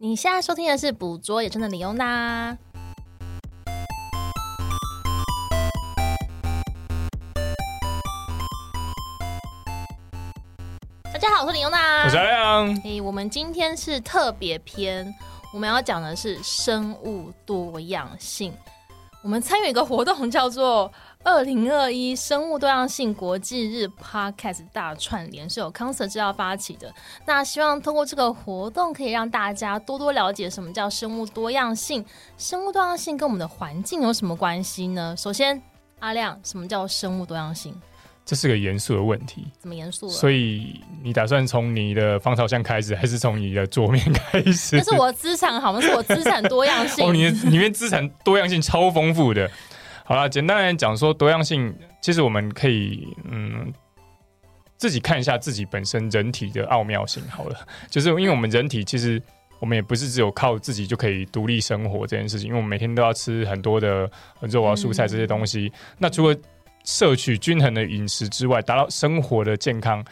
你現在收聽的是《捕捉野生的李優娜》。大家好，我是李優娜，我是亮。欸，我們今天是特別篇，我們要講的是生物多樣性。我們參與一個活動，叫做……二零二一生物多樣性國際日 podcast 大串聯是由康 Sir 製藥發起的。那希望通過這個活動，可以讓大家多多了解什麼叫生物多樣性。生物多樣性跟我們的環境有什麼關係呢？首先，阿亮，什麼叫生物多樣性？這是個嚴肅的問題。怎麼嚴肅了？所以你打算從你的防潮箱開始，還是從你的桌面開始？那是我的資產好嗎？那是我資產多樣性。 哦，你裡面資產多樣性超豐富的。好了，簡單來講說多樣性，其實我們可以嗯自己看一下自己本身人體的奧妙性。好了，就是因為我們人體其實我們也不是只有靠自己就可以獨立生活這件事情，因為我們每天都要吃很多的肉啊、蔬菜這些東西。嗯、那除了攝取均衡的飲食之外，達到生活的健康，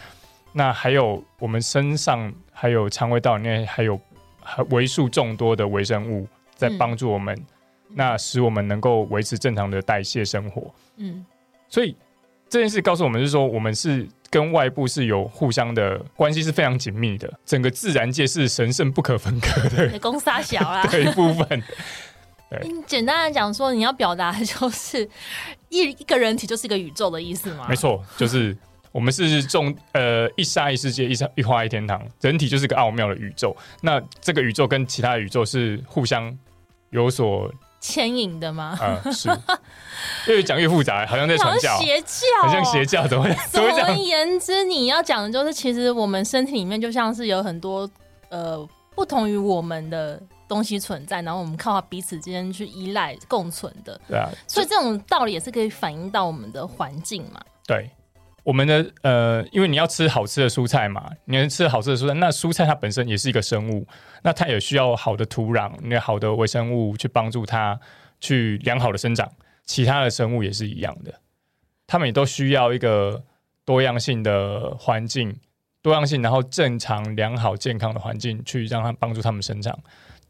那還有我們身上還有腸胃道裡面還有為數眾多的微生物在幫助我們。嗯那使我們能夠維持正常的代謝生活。嗯，所以這件事告訴我們是說，我們是跟外部是有互相的關係，是非常緊密的。整個自然界是神聖不可分割的。公三小啦， 對一部分。 對，你簡單的講說，你要表達的就是一一個人體就是一個宇宙的意思嗎？沒錯，就是我們是種、嗯、呃一沙一世界，一沙一花一天堂，人體就是個奧妙的宇宙。那這個宇宙跟其他的宇宙是互相有所。牽引的嗎？嗯、是，越 講越複雜，好像在傳教，邪教、哦，好像邪教，怎麼會，怎麼會這樣？總而言之，你要講的就是，其實我們身體裡面就像是有很多呃，不同於我們的東西存在，然後我們靠彼此之間去依賴共存的。對啊，所以這種道理也是可以反映到我們的環境嘛，對。我們的呃，因為你要吃好吃的蔬菜嘛，你要吃好吃的蔬菜，那蔬菜它本身也是一個生物，那它也需要好的土壤、那好的微生物去幫助它去良好的生長。其他的生物也是一樣的，它們也都需要一個多樣性的環境、多樣性，然後正常、良好、健康的環境去讓它幫助它們生長。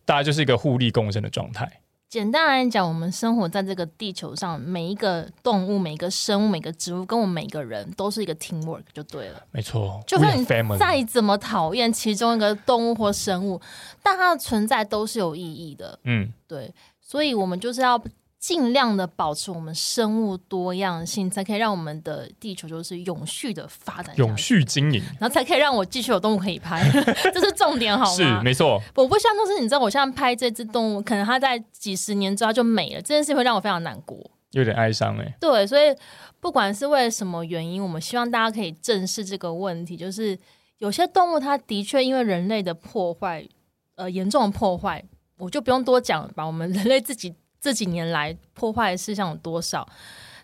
大家就是一個互利共生的狀態。簡單來講，我們生活在這個地球上，每一個動物、每一個生物、每個植物，跟我們每個人都是一個 teamwork 就對了。沒錯，就算你再怎麼討厭其中一個動物或生物，但它的存在都是有意義的。嗯，對，所以我們就是要。盡量的保持我們生物多樣性，才可以讓我們的地球就是永續的發展，永續經營，然後才可以讓我繼續有動物可以拍， 這是重點，好嗎？是，沒錯。不我不希望，就是你知道，我現在拍這隻動物，可能它在幾十年之後就沒了，這件事情會讓我非常難過，有點哀傷哎、欸。對，所以不管是為了什麼原因，我們希望大家可以正視這個問題，就是有些動物，它的確因為人類的破壞，呃，嚴重的破壞，我就不用多講了。把我們人類自己。這幾年來破壞的事項有多少？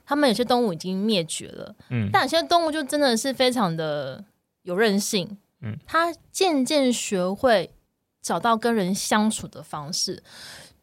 他們有些動物已經滅絕了。嗯，但有些動物就真的是非常的有韌性，他、嗯、漸漸學會找到跟人相處的方式，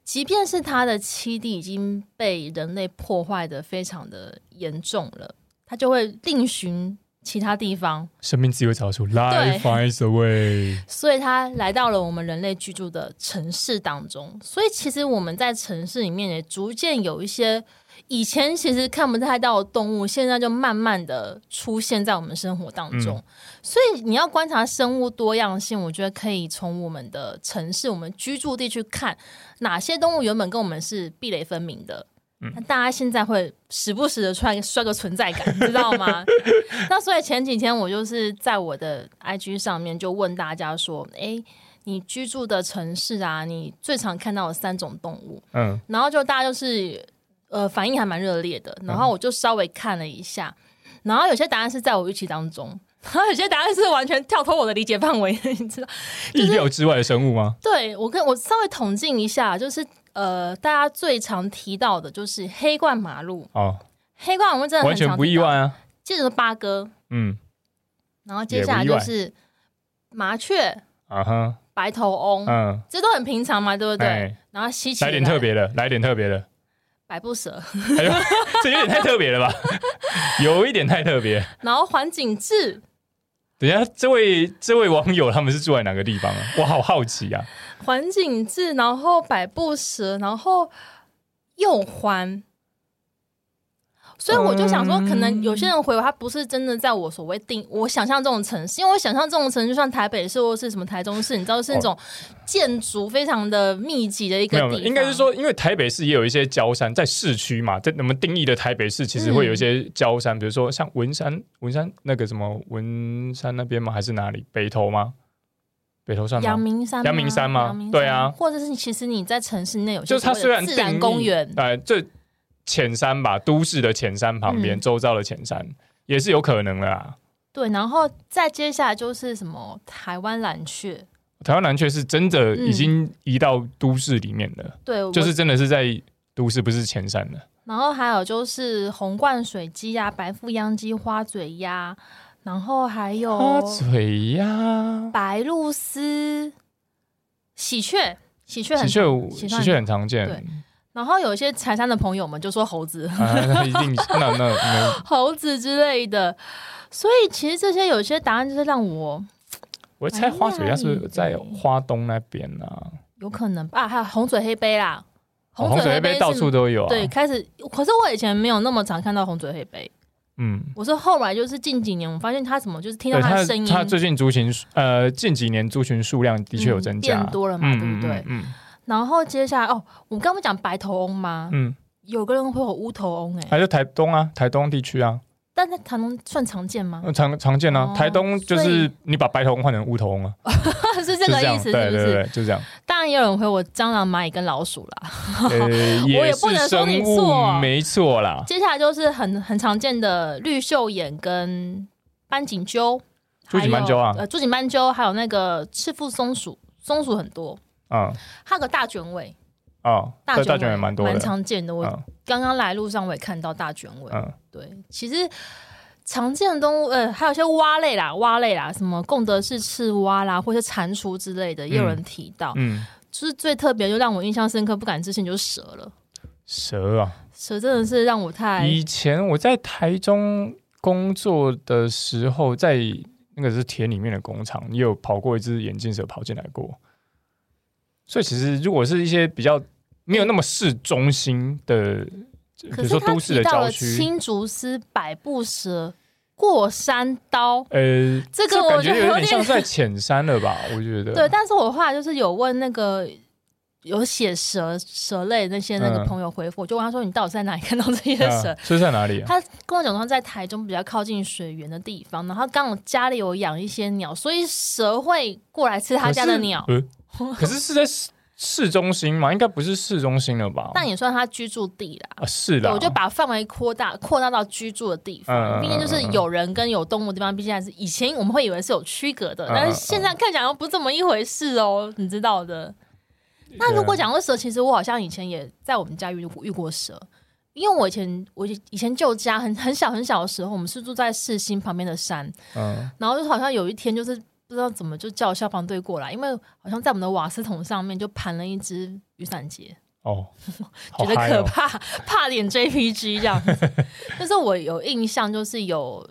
即便是他的棲地已經被人類破壞得非常的嚴重了，他就會另尋。其他地方，生命自由找出 life finds a way，所以它來到了我們人類居住的城市當中。所以其實我們在城市裡面也逐漸有一些以前其實看不太到的動物，現在就慢慢的出現在我們生活當中、嗯。所以你要觀察生物多樣性，我覺得可以從我們的城市、我們居住地去看哪些動物原本跟我們是壁壘分明的。嗯、大家現在會時不時的出來刷個存在感，你知道嗎？ 那所以前幾天我就是在我的 IG 上面就問大家說：“哎、欸，你居住的城市啊，你最常看到的三種動物？”嗯，然後就大家就是呃反應還蠻熱烈的，然後我就稍微看了一下，嗯、然後有些答案是在我預期當中，然後有些答案是完全跳脫我的理解範圍，你知道，就是、意料之外的生物嗎？對，我跟我稍微統計一下，就是。呃，大家最常提到的就是黑冠麻鷺哦，黑冠我們真的完全不意外啊。接着是八哥，嗯，然後接下來就是麻雀啊白頭翁，嗯，這都很平常嘛，對不對？哎、然後吸起來，來點特別的，來點特別的，百步蛇，這有點太特別了吧？ 有一點太特別。然後環頸雉，等下這位這位網友他們是住在哪個地方啊？我好好奇啊。環景致，然後百步蛇，然後又環，所以我就想說，可能有些人回我，他不是真的在我所謂定、嗯、我想象這種城市，因為我想象這種城市，就算台北市或是什麼台中市，你知道是那種建築非常的密集的一個地方。沒有，應該是說，因為台北市也有一些郊山，在市區嘛，在我們定義的台北市，其實會有一些郊山、嗯，比如說像文山，文山那個什麼文山那邊嗎？還是哪裡？北投嗎？北投算嗎？陽明山嗎？陽明山嗎？對啊，或者是其實你在城市內有就是它雖然自然公園，哎，就淺山吧，都市的淺山旁邊、嗯，周遭的淺山也是有可能的。啊。對，然後再接下來就是什麼台灣藍鵲，台灣藍鵲是真的已經移到都市裡面的、嗯，對，就是真的是在都市，不是淺山了。然後還有就是紅冠水雞呀、啊，白腹秧雞，花嘴鴨、啊。然後還有花嘴鴨、白鷺鷥、喜鵲、啊，喜鵲喜鵲喜鵲很常見。對，然後有一些財商的朋友們就說猴子，啊、 一定那那猴子之類的。所以其實這些有些答案就是讓我，我一猜花嘴鴨是不是在花東那邊呢、啊，有可能吧、啊？還有紅嘴黑鵯啦，紅嘴黑鵯、哦、紅嘴黑鵯到處都有、啊。對，開始可是我以前沒有那麼常看到紅嘴黑鵯。嗯，我說後來就是近幾年，我發現他怎麼，就是聽到他的聲音他，他最近族群呃，近幾年族群數量的確有增加，嗯、變多了嘛，嗯、對不對、嗯嗯。然後接下來哦，我們剛剛不講白頭翁嘛，嗯，有個人會有烏頭翁哎、欸，還、啊、是台東啊，台東地區啊。但是台東算常見嗎？呃、常常見啊，台東就是你把白頭翁換成烏頭翁了、啊， 是這個意思是不是是，對對對，就是、這樣。當然也有人回我蟑螂、螞蟻跟老鼠啦，呃， 也是生物 我不能說你錯，沒錯啦。接下來就是很很常見的綠繡眼跟斑錦鳩，珠頸斑鳩啊，呃，珠頸斑鳩還有那個赤腹松鼠，松鼠很多啊，還、嗯、有個大卷尾啊、哦，大卷尾、大卷尾也蠻多蠻常見的。剛剛來路上我也看到大卷尾，嗯、對，其實常見的動物，呃，還有一些蛙類啦、蛙類啦，什麼貢德氏赤蛙啦，或是蟾蜍之類的，嗯、也有人提到。嗯，就是最特別，就讓我印象深刻、不敢置信，就是蛇了。蛇啊，蛇真的是讓我太……以前我在台中工作的時候，在那個是田裡面的工廠，也有跑過一只眼鏡蛇跑進來過。所以，其實如果是一些比較……沒有那麼市中心的，比如說都市的郊區，可是他提到了青竹絲、百步蛇、過山刀。呃、欸，這個我覺得有點，就有點 像在淺山了吧？我覺得。對，但是我話就是有問那個有寫蛇蛇類那些那個朋友回復、嗯，就問他說：“你到底在哪裡看到這些蛇？”嗯、是在哪裡、啊？他跟我講說在台中比較靠近水源的地方，然後剛好家裡有養一些鳥，所以蛇會過來吃他家的鳥。可是、呃、 可是，是在。市中心嘛，應該不是市中心了吧？但也算它居住地啦。啊，是的，我就把範圍擴大，擴大到居住的地方嗯嗯嗯嗯。畢竟就是有人跟有動物的地方，畢竟還是以前我們會以為是有區隔的，嗯嗯嗯嗯，但是現在看起來又不是這麼一回事哦，你知道的。那如果講到蛇，其實我好像以前也在我們家遇遇過蛇，因為我以前我以前舊家很很小很小的時候，我們是住在世新旁邊的山，嗯，然後就好像有一天就是。不知道怎麼就叫消防隊過來，因為好像在我們的瓦斯桶上面就盤了一隻雨傘節。哦， 覺得可怕，哦、怕點 JPG 這樣但 是，我有印象，就是有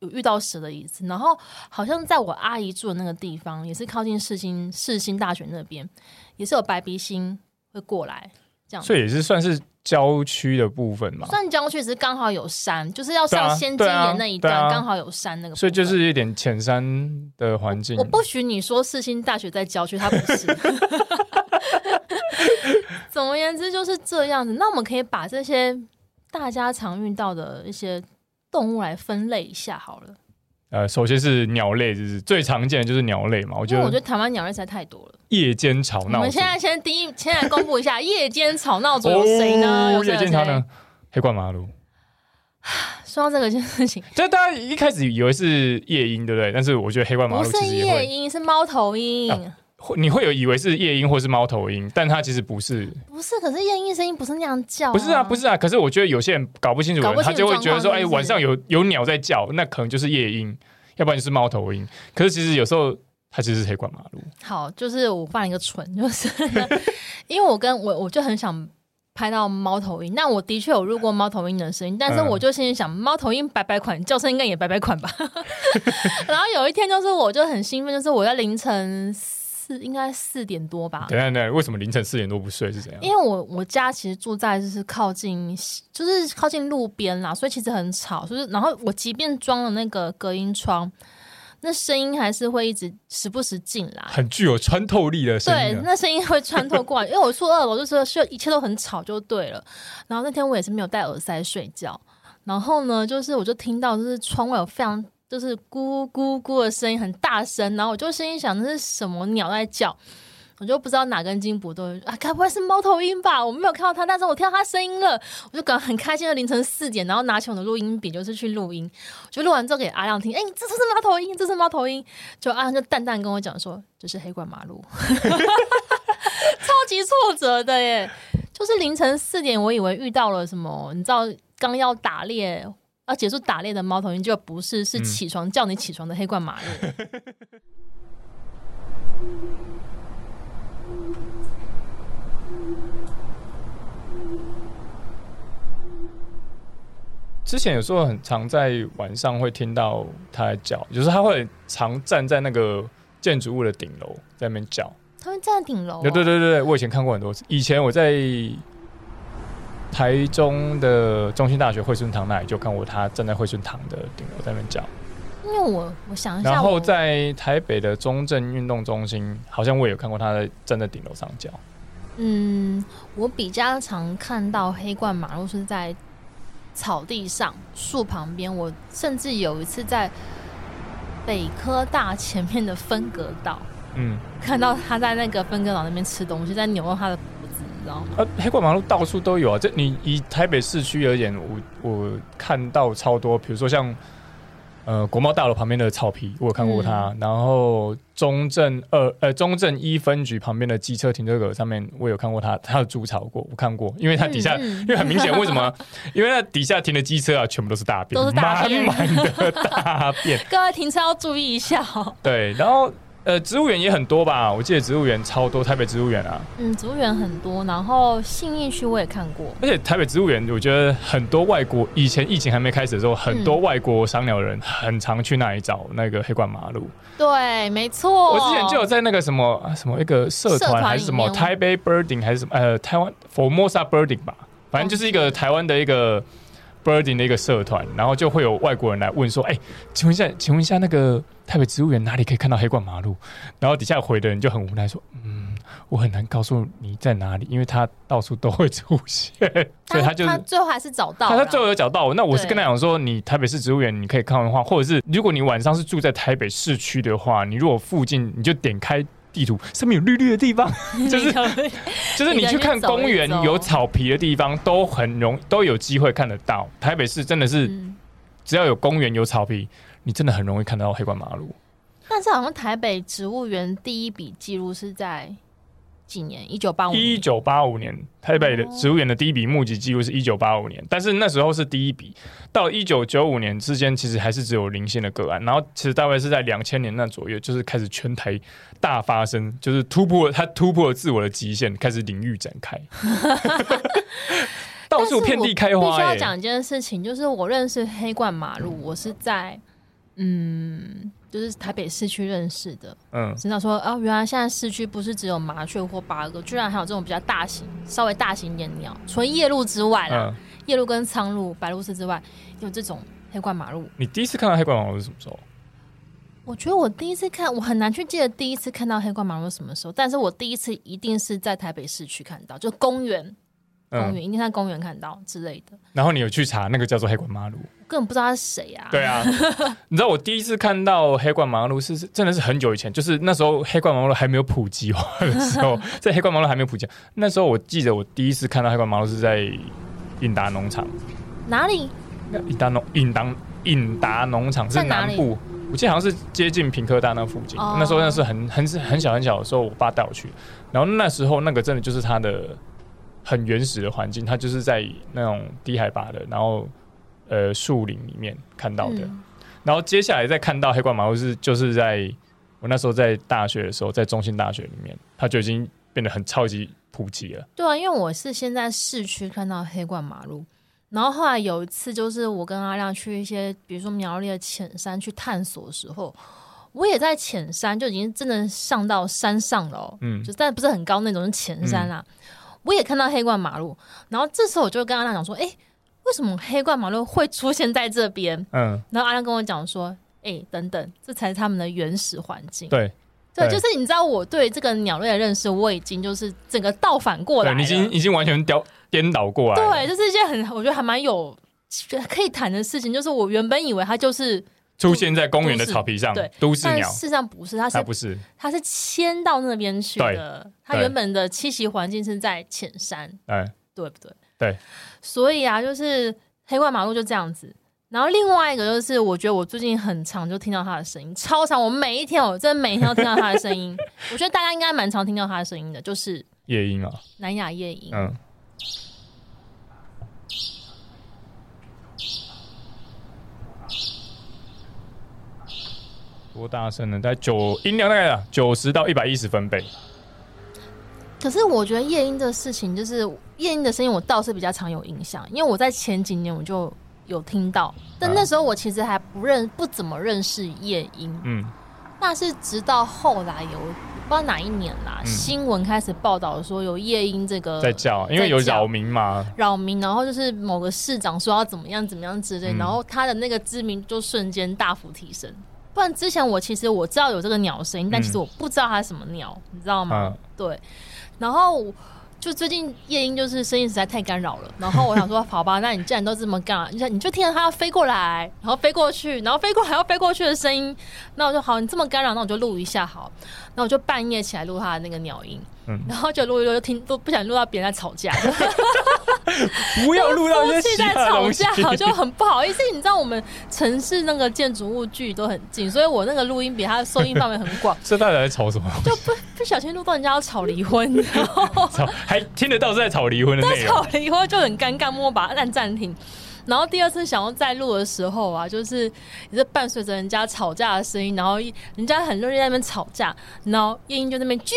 有遇到蛇的一次，然後好像在我阿姨住的那個地方，也是靠近世新世新大學那邊，也是有白鼻心會過來，這樣所以也是算是郊區的部分嘛，算郊區，只是剛好有山，就是要上仙跡岩那一段，剛、啊啊啊、好有山那個，所以就是一點淺山的環境。我，我不許你說世新大學在郊區，它不是。 總而言之就是這樣子。那我們可以把這些大家常遇到的一些動物來分類一下，好了。呃，首先是鳥類是是，就是最常見的就是鳥類嘛。我覺得，我覺得台灣鳥類實在太多了。夜間吵鬧，我們現在先第一，先來公布一下夜間吵鬧組有誰呢？有誰？黑冠麻鷺。說到這個件事情，就大家一開始以為是夜鷹，對不對？但是我覺得黑冠麻鷺不是夜鷹，是貓頭鷹。啊你會有以為是夜鷹或是貓頭鷹，但它其實不是，不是。可是夜鷹聲音不是那樣叫啊，不是啊，不是啊。可是我覺得有些人搞不清楚不清，他就會覺得說，哎，晚上有有鳥在叫，那可能就是夜鷹，要不然就是貓頭鷹。可是其實有時候他其實是黑冠麻鷺。好，就是我犯了一個蠢，就是 因為我跟我我就很想拍到貓頭鷹。那我的確有錄過貓頭鷹的聲音，但是我就心裡想，貓、嗯、頭鷹擺擺款叫聲應該也擺擺款吧。 然後有一天就是，我就很興奮，就是我在凌晨。是應該四點多吧？對對對，為什麼凌晨四點多不睡是怎樣？因為我我家其實住在就是靠近，就是靠近路邊啦，所以其實很吵。就是然後我即便裝了那個隔音窗，那聲音還是會一直時不時進來，很具有穿透力的聲音啊。對，那聲音會穿透過來， 因為我住二樓，就是一切都很吵就對了。然後那天我也是沒有戴耳塞睡覺，然後呢，就是我就聽到就是窗外有非常。就是咕咕咕的聲音很大聲，然後我就心裡想，這是什麼鳥在叫？我就不知道哪根筋不對。啊該不會是貓頭鷹吧？我沒有看到它，但是我聽到它聲音了，我就感覺很開心。就凌晨四點，然後拿起我的錄音筆就是去錄音，就錄完之後給阿亮聽，哎、欸，這是貓頭鷹，這是貓頭鷹，就阿亮就淡淡跟我講說，這、就是黑冠麻鷺， 超級挫折的耶，就是凌晨四點，我以為遇到了什麼，你知道剛要打獵。而結束打獵的貓頭鷹就不是，是起床叫你起床的黑冠麻鷺，嗯、 之前有時候很常在晚上會聽到它叫，就是它會常站在那個建築物的頂樓，在那邊叫。他們站在頂樓？對對對對，我以前看過很多次。以前我在。台中的中興大學惠蓀堂那裡就看過他站在惠蓀堂的頂樓在那邊叫。因為我我想一下，然後在台北的中正運動中心，好像我也有看過他在站在頂樓上叫。嗯，我比較常看到黑冠麻鷺是在草地上、樹旁邊，我甚至有一次在北科大前面的分隔島，嗯，看到他在那個分隔島那邊吃東西，在扭到他的。啊，黑冠麻鷺到處都有啊！這你以台北市區而言，我我看到超多，比如說像呃國貿大樓旁邊的草皮，我有看過它；嗯、然後中正二呃中正一分局旁邊的機車停車格上面，我有看過它，它有築巢過，我看過，因為它底下，嗯嗯因為很明顯，為什麼？ 因為那底下停的機車啊，全部都是大便，都是滿滿的大便。各 位停車要注意一下。對，然後。呃，植物園也很多吧？我記得植物園超多，台北植物園啊。嗯，植物園很多，然後信義區我也看過。而且台北植物園，我覺得很多外國以前疫情還沒開始的時候，嗯、很多外國賞鳥人很常去那裡找那個黑冠麻鷺。對，沒錯。我之前就有在那個什麼、啊、什麼一個社團還是什麼台北 Birding 還是什麼呃台灣 Formosa Birding 吧，反正就是一個台灣的一個。birding 的一個社團，然後就會有外國人來問說：“哎、欸，請問一下，請問一下，那個台北植物園哪裡可以看到黑冠麻鷺？”然後底下回的人就很無奈說：“嗯，我很難告訴你在哪裡，因為它到處都會出現， 所以他就他最後還是找到。他，他最後有找到。那我是跟他講說，你台北市植物園你可以看的話，或者是如果你晚上是住在台北市區的話，你如果附近你就點開。”地圖上面有綠綠的地方， 就是 就是你去看公園有草皮的地方， 走走都很容易都有機會看得到。台北市真的是，嗯、只要有公園有草皮，你真的很容易看到黑冠麻鷺。但是好像台北植物園第一筆記錄是在。幾年？一九八五。一九八五年，台北的植物園的第一筆募集記錄是一九八五年，oh. 但是那時候是第一筆。到一九九五年之間，其實還是只有零星的個案。然後，其實大概是在兩千年那左右，就是開始全台大發生，就是突破它突破了自我的極限，開始領域展開，到處遍地開花。必須要講一件事情， 就是我認識黑冠麻鷺，我是在嗯。就是台北市區認識的，嗯，知道說啊、哦，原來現在市區不是只有麻雀或八哥，居然還有這種比較大型、稍微大型夜鳥，除了夜鷺之外了、嗯，夜鷺跟蒼鷺、白鷺之外，有這種黑冠麻鷺。你第一次看到黑冠麻鷺是什麼時候？我覺得我第一次看，我很難去記得第一次看到黑冠麻鷺是什麼時候，但是我第一次一定是在台北市區看到，就是，公園，公園、嗯、一定在公園看到之類的。然後你有去查那個叫做黑冠麻鷺，我根本不知道他是誰呀？對啊， 你知道我第一次看到黑冠麻鷺是真的是很久以前，就是那時候黑冠麻鷺還沒有普及化的時候，在黑冠麻鷺還沒有普及，那時候我記得我第一次看到黑冠麻鷺是在印達農場。哪裡？印達農印達印達農場是南部，我記得好像是接近屏科大那附近。Oh. 那時候那是很很是很小很小的時候，我爸帶我去，然後那時候那個真的就是它的很原始的環境，它就是在那種低海拔的，然後。呃，樹林裡面看到的，嗯，然後接下來再看到黑冠麻鷺是就是在我那時候在大學的時候，在中興大學裡面，它就已經變得很超級普及了。對啊，因為我是先在市區看到黑冠麻鷺，然後後來有一次就是我跟阿亮去一些，比如說苗栗的淺山去探索的時候，我也在淺山就已經真的上到山上了，喔，嗯，就但不是很高那種，是淺山啊，嗯，我也看到黑冠麻鷺，然後這時候我就跟阿亮講說，哎，欸。為什麼黑冠麻鷺會出現在這邊？嗯，然後阿亮跟我講說：“哎、欸，等等，這才是它們的原始環境。對”對，對，就是你知道，我對這個鳥類的認識，我已經就是整個倒反過來了，對你已經已經完全顛顛倒過來了。對，這、就是一件很我覺得還蠻有可以談的事情。就是我原本以為它就是出現在公園的草皮上，對，都市鳥，但是事實上不是，它是它不是？它是遷到那邊去的。它原本的棲息環境是在淺山，哎，對不對？對，所以啊，就是黑怪馬路就這樣子。然後另外一個就是，我覺得我最近很常就聽到他的聲音，超常，我每一天，我真的每一天都聽到他的聲音。 我覺得大家應該蠻常聽到他的聲音的，就是夜鷹啊，南亞夜鷹。嗯。多大聲呢？在九音量大概九十到一百一十分貝。可是我覺得夜鷹的事情，就是夜鷹的聲音，我倒是比較常有印象，因為我在前幾年我就有聽到，但那時候我其實還不認不怎麼認識夜鷹。嗯，那是直到後來有我不知道哪一年啦，嗯、新聞開始報道說有夜鷹這個在叫，在叫，因為有擾民嘛，擾民。然後就是某個市長說要怎麼樣怎麼樣之類，嗯、然後他的那個知名就瞬間大幅提升。不然之前我其實我知道有這個鳥聲音、嗯，但其實我不知道它是什麼鳥，你知道嗎？嗯、對。然後就最近夜鶯就是聲音實在太干擾了，然後我想說好吧， 那你既然都這麼幹了，你想你就聽着它要飛過來，然後飛過去，然後飛過還要飛過去的聲音，那我就好，你這麼干擾，那我就錄一下好，那我就半夜起來錄它的那個鳥音。嗯、然後就錄一錄，就聽都不想錄到別人在吵架，不要錄到人在吵架，就很不好意思。 你知道我們城市那個建築物距都很近，所以我那個錄音比他的收音範圍很廣。 這到底在吵什麼？就不不小心錄到人家要吵離婚，然後 吵還聽得到是在吵離婚的，在吵離婚就很尷尬，默默把它按暫停。然後第二次想要再錄的時候啊，就是也是伴隨着人家吵架的聲音，然後人家很熱烈在那邊吵架，然後夜鶯就在那邊啾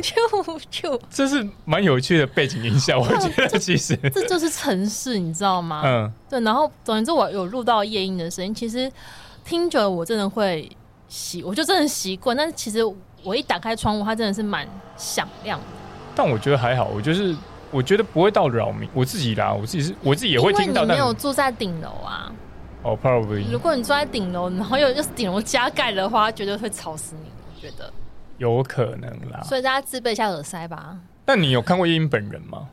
啾啾，啾，這是蠻有趣的背景音效，我覺得其實這，這就是城市，你知道嗎？嗯，對。然後總之，我有錄到夜鶯的聲音，其實聽久了我真的會習，我就真的習慣。但其實我一打開窗戶，它真的是蠻響亮的。但我覺得還好，我就是。我覺得不會到擾民，我自己啦，我自己是，我自己也會聽到。因為你沒有住在頂樓啊。哦、oh，probably。如果你住在頂樓，然後又又是頂樓加蓋的話，絕對會吵死你。我覺得。有可能啦。所以大家自備一下耳塞吧。但你有看過夜鷹本人嗎？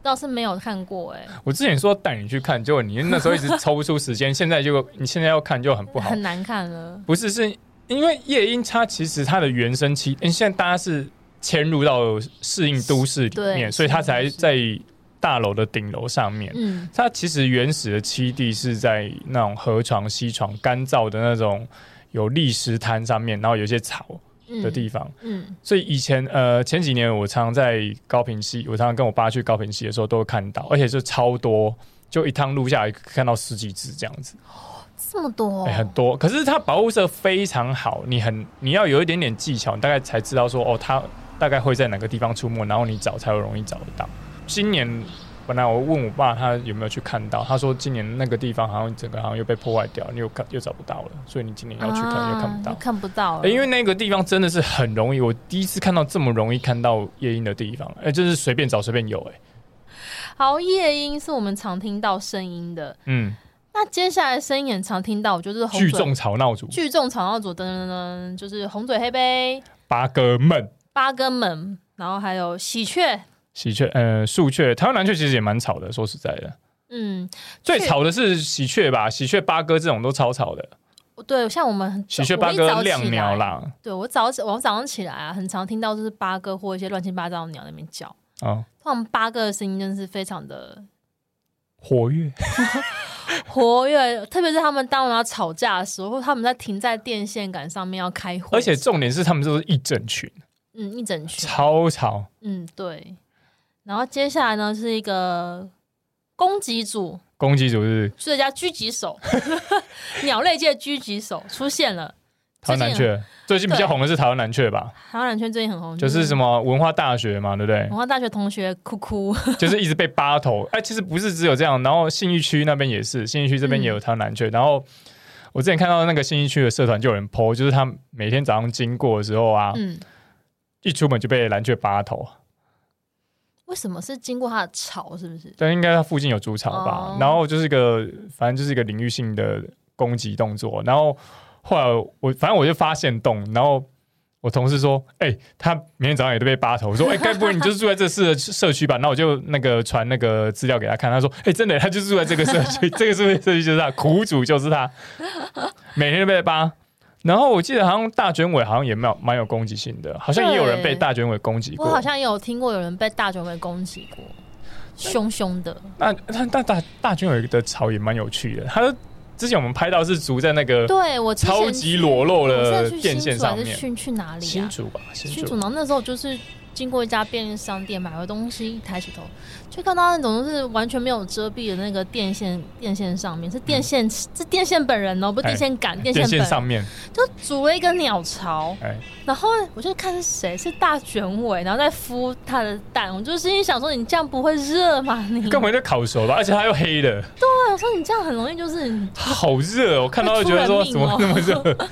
倒是沒有看過哎、欸。我之前說帶你去看，結果你那時候一直抽不出時間， 現在就你現在要看就很不好，很難看了。不是，是因為夜鷹它其實它的原聲期、欸，現在大家是。遷入到適應都市裡面，所以他才在大樓的頂樓上面。它其實原始的棲地是在那種河床、溪床、乾燥的那種有礫石灘上面，然後有一些草的地方。嗯，嗯所以以前呃前幾年我常在高屏溪，我常跟我爸去高屏溪的時候都會看到，而且就超多，就一趟路下來看到十幾隻這樣子。這麼多。欸、很多，可是它保護色非常好，你很你要有一點點技巧，你大概才知道說哦它。大概會在哪個地方出沒，然後你找才會容易找得到。今年本來我問我爸，他有沒有去看到，他說今年那個地方好像整個好像又被破壞掉，你又看又找不到了，所以你今年要去看又看不到，啊、看不到了，欸。因為那個地方真的是很容易，我第一次看到這麼容易看到夜鷹的地方，哎、欸，就是隨便找隨便有哎、欸。好，夜鷹是我們常聽到聲音的，嗯。那接下來聲音也常聽到，就是聚眾吵鬧族，聚眾吵鬧族，噔噔噔，就是紅嘴黑鵯八哥們。八哥們，然後還有喜鵲、喜鵲、呃，樹鵲、台灣藍鵲，其實也蠻吵的。說實在的，嗯，最吵的是喜鵲吧，喜，喜鵲、八哥這種都超吵的。對，像我們很喜鵲、八哥、亮鳥啦。對，我早我早上起來啊，很常聽到就是八哥或一些亂七八糟的鳥在那邊叫啊。他、哦、們八哥的聲音真是非常的活躍，活躍， 活躍 特別是他們當他們要吵架的時候，他們在停在電線桿上面要開會。而且重點是，他們就是一整群。嗯，一整群超吵。嗯，對。然後接下來呢，是一個攻擊組。攻擊組是最佳狙擊手， 鳥類界狙擊手出現了。台灣藍鵲最近，最近比較紅的是台灣藍鵲吧？台灣藍鵲最近很紅，就是什麼文化大學嘛，對不對？文化大學同學哭哭，就是一直被扒頭。哎，其實不是只有這樣，然後信義區那邊也是，信義區這邊也有台灣藍鵲、嗯。然後我之前看到那個信義區的社團就有人 PO，就是他每天早上經過的時候啊，嗯。一出門就被藍鵲扒頭，為什麼是經過他的巢？是不是？但應該他附近有築巢吧。Oh. 然後就是一個，反正就是一個領域性的攻擊動作。然後後來我，反正我就發現洞。然後我同事說：“哎、欸，他明天早上也都被扒頭。”我說：“哎、欸，該不會你就是住在這市社區吧？”那 我就那個傳那個資料給他看。他說：“哎、欸，真的，他就是住在這個社區， 這個社區就是他苦主，就是他，每天都被扒。”然後我記得好像大卷尾好像也蠻蠻有攻擊性的，好像也有人被大卷尾攻擊過。我好像也有聽過有人被大卷尾攻擊過，凶凶的。那那大大卷尾的巢也蠻有趣的，它之前我們拍到是住在那個對我超級裸露的電線上面，還是去去哪裡、啊？新竹吧，新竹。新竹然後那時候就是。經過一家便利商店買回東西，抬起頭就看到那種是完全沒有遮蔽的那個電線，電線上面是電線、嗯，是電線本人哦、喔，不是電線桿、欸，電線上面就組了一個鳥巢。哎、欸，然後我就看是誰，是大卷尾，然後在孵它的蛋。我就心想說：“你這樣不會熱嗎？你根本就烤熟了，而且它又黑的。”對，我說你這樣很容易就是好熱、哦。我看到就覺得說怎麼那麼熱？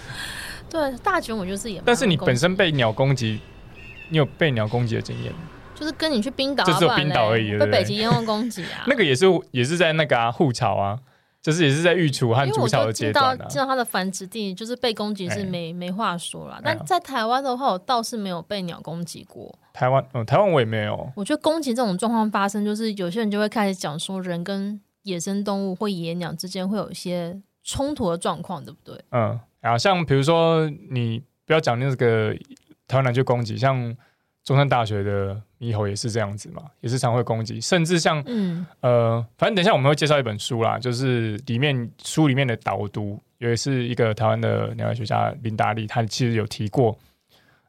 對，大卷尾就是也好，但是你本身被鳥攻擊。你有被鳥攻擊的經驗，就是跟你去冰島、啊，這只有冰島而已，被北極燕鷗攻擊啊。 那個也是也是在那個啊護巢啊，就是也是在育雛和築巢的階段啊見。見到它的繁殖地，就是被攻擊是沒、欸、沒話說了。但在台灣的話、欸啊，我倒是沒有被鳥攻擊過。台灣嗯，台灣我也沒有。我覺得攻擊這種狀況發生，就是有些人就會開始講說，人跟野生動物或野鳥之間會有一些衝突的狀況，對不對？嗯，然後像比如說你不要講那個。台灣人去攻擊，像中山大學的獼猴也是這樣子嘛，也是常會攻擊，甚至像、嗯，呃，反正等一下我們會介紹一本書啦，就是裡面書裡面的導讀，也是一個台灣的鳥類學家林大利，他其實有提過，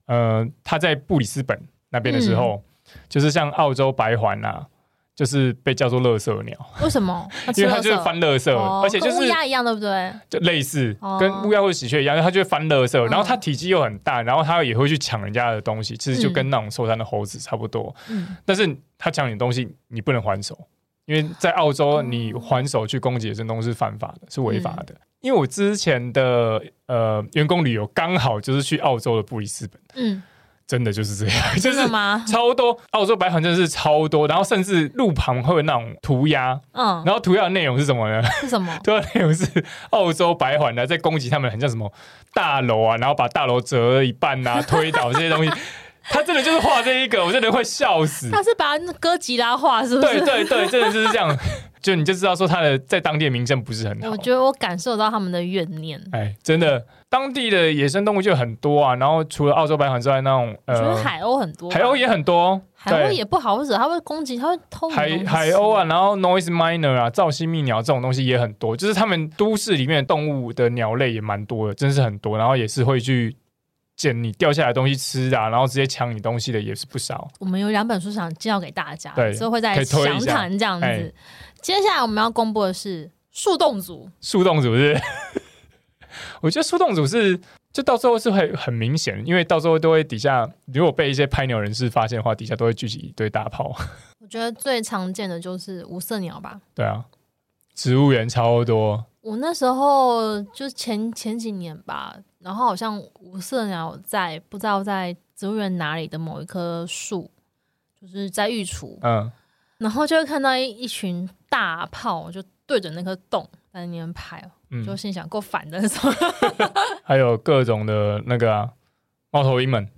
呃，他在布里斯本那邊的時候、嗯，就是像澳洲白環啊。就是被叫做“樂色鳥”，為什麼？他因為它就是翻樂色、哦，而且就是烏鴉一樣，對不對？就類似，哦、跟烏鴉或喜鵲一樣，它就會翻樂色、哦，然後它體積又很大，然後它也會去搶人家的東西，其實就跟那種受傷的猴子差不多。嗯、但是它搶你的東西，你不能還手，因為在澳洲，你還手去攻擊野生動物是犯法的，是違法的、嗯。因為我之前的呃員工旅遊剛好就是去澳洲的布里斯本。嗯。真的就是這樣，真的嗎？就是、超多澳洲白環真的是超多，然後甚至路旁會有那種塗鴉，嗯，然後塗鴉的內容是什麼呢？是什麼？塗鴉內容是澳洲白環的在攻擊他們，很像什麼大樓啊，然後把大樓折了一半啊，推倒這些東西。 他真的就是畫這一個，我真的會笑死。 他是把哥吉拉畫，是不是？對對對，真的就是這樣。 就你就知道說他的在當地的名聲不是很好。我覺得我感受到他們的怨念。哎，真的，當地的野生動物就很多啊。然後除了澳洲白鹮之外，那種呃，海鷗很多，海鷗也很多，海鷗也不好惹，他會攻擊，他會偷你。海海鷗啊，然後 noise miner 啊，噪吟蜜鳥這種東西也很多，就是他們都市裡面的動物的鳥類也蠻多的，真是很多。然後也是會去。撿你掉下來的東西吃的，啊，然後直接搶你東西的也是不少。我們有兩本書想介紹給大家，對，所以會在詳談這樣子，欸。接下來我們要公布的是樹洞組，樹洞組是，是？ 我覺得樹洞組是，就到時候是會很明顯，因為到時候都會底下，如果被一些拍鳥人士發現的話，底下都會聚集一堆大炮。我覺得最常見的就是五色鳥吧。對啊，植物園超多。我那時候就前前幾年吧。然後好像五色鳥在不知道在植物園哪裡的某一棵樹，就是在育雛，嗯,嗯，然後就會看到一一群大炮就對着那個洞在那邊拍，就心想夠煩的那種。還有各種的那個啊、貓頭鷹們，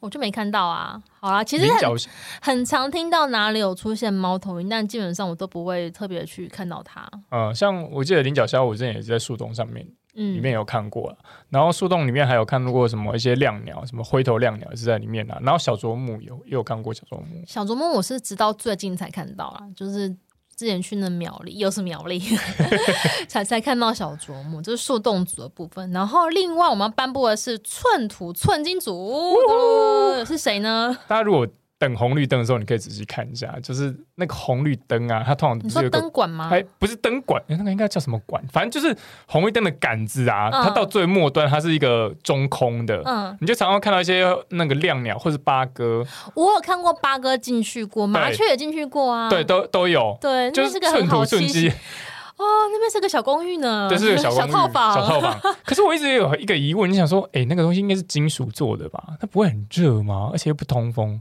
我就沒看到啊。好啦，其實很很常聽到哪裡有出現貓頭鷹，但基本上我都不會特別去看到它。嗯，像我記得領角鴞，我之前也是在樹洞上面。嗯、裡面有看過、啊、然後樹洞裡面還有看過什麼一些亮鳥，什麼灰頭亮鳥也是在裡面呢、啊。然後小啄木也有也有看過小啄木，小啄木我是直到最近才看到了、啊，就是之前去那苗栗，又是苗栗 才才看到小啄木，就是樹洞組的部分。然後另外我們要頒布的是寸土寸金組，是誰呢？大家如果。等紅綠燈的時候，你可以仔細看一下，就是那個紅綠燈啊，它通常不是你說燈管嗎？哎，不是燈管，哎、欸，那個應該叫什麼管？反正就是紅綠燈的桿子啊、嗯，它到最末端，它是一個中空的。嗯，你就常常看到一些那個椋鳥或者八哥，我有看過八哥進去過，麻雀也進去過啊，對，對都都有。對，就是個寸土寸金。哦，那邊是個小公寓呢，就是個小，小套房，小套房。 可是我一直也有一個疑問，你想說，哎、欸，那個東西應該是金屬做的吧？它不會很熱嗎？而且又不通風。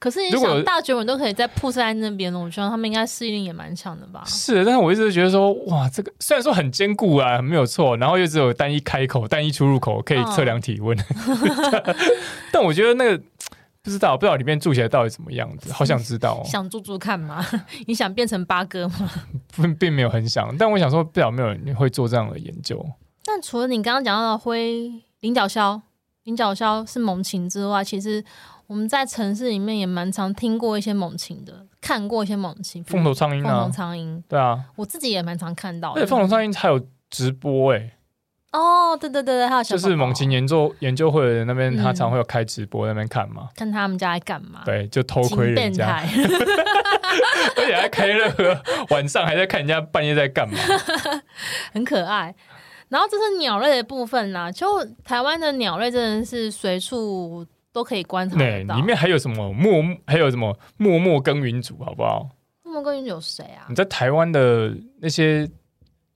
可是你想，大卷尾都可以在鋪設在那邊，我希望他們應該適應力也蠻強的吧？是，但是我一直覺得說，哇，這個雖然說很堅固啊，很沒有錯，然後又只有單一開口、單一出入口可以測量體溫，嗯、 但我覺得那個不知道，不知道裡面住起來到底怎麼樣子，好想知道、哦，想住住看嗎？你想變成八哥嗎？並、嗯、並沒有很想，但我想說，不知道沒有人會做這樣的研究。但除了你剛剛講到的灰領角鴞，領角鴞是猛禽之外，其實。我們在城市裡面也蠻常聽過一些猛禽的，看過一些猛禽，鳳頭蒼鷹啊，對啊，我自己也蠻常看到。對，鳳頭蒼鷹還有直播哎、欸，哦，對對對對，還有就是猛禽研究研究會的人那邊，他常，常會有開直播那邊看嘛，看他們家在幹嘛？對，就偷窺人家，變態 而且還開着，晚上還在看人家半夜在幹嘛？ 很可愛。然後這是鳥類的部分啦、啊，就台灣的鳥類真的是隨處。都可以觀察到對，裡面還有什麼默，還有什麼默默耕耘組，好不好？默默耕耘有誰啊？你在台灣的那些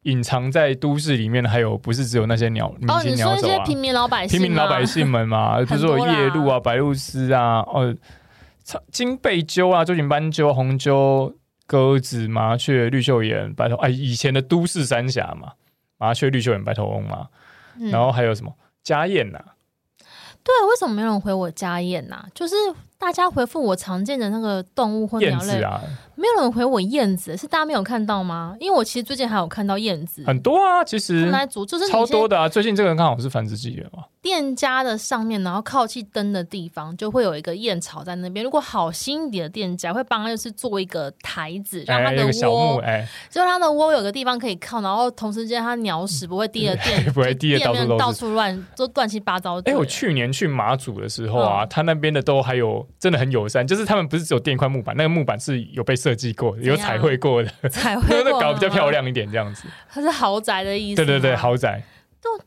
隱藏在都市裡面的，還有不是只有那些鳥？哦，你，鳥、啊、你說那些平民老百姓，平民老百姓們嘛， 比如說夜鷺啊、白鷺鷥啊、哦、金背鳩啊、棕頸斑鳩、紅鳩、鴿子、麻雀、綠繡眼、白頭哎，以前的都市三俠嘛，麻雀、綠繡眼、白頭翁嘛、嗯，然後還有什麼家燕吶、啊？對，為什麼沒有人回我家燕呢、啊？就是大家回復我常見的那個動物或鳥類。沒有人回我燕子，是大家沒有看到嗎？因為我其實最近還有看到燕子很多啊，其實。馬祖就是超多的啊！最近這個人剛好是繁殖季節嘛。店家的上面，然後靠近燈的地方，就會有一個燕巢在那邊。如果好心一點的店家會幫，他，就是做一個台子，讓他的窩哎。哎，就他的窩有個地方可以靠，然後同時間他鳥屎不會滴到店，不會滴到到處亂，都亂七八糟。哎，我去年去馬祖的時候啊，嗯、他那邊的都還有真的很友善，就是他們不是只有墊一塊木板，那個木板是有被。設計過有彩繪過的，彩繪的 搞比較漂亮一點這樣子。它是豪宅的意思。對對對，豪宅。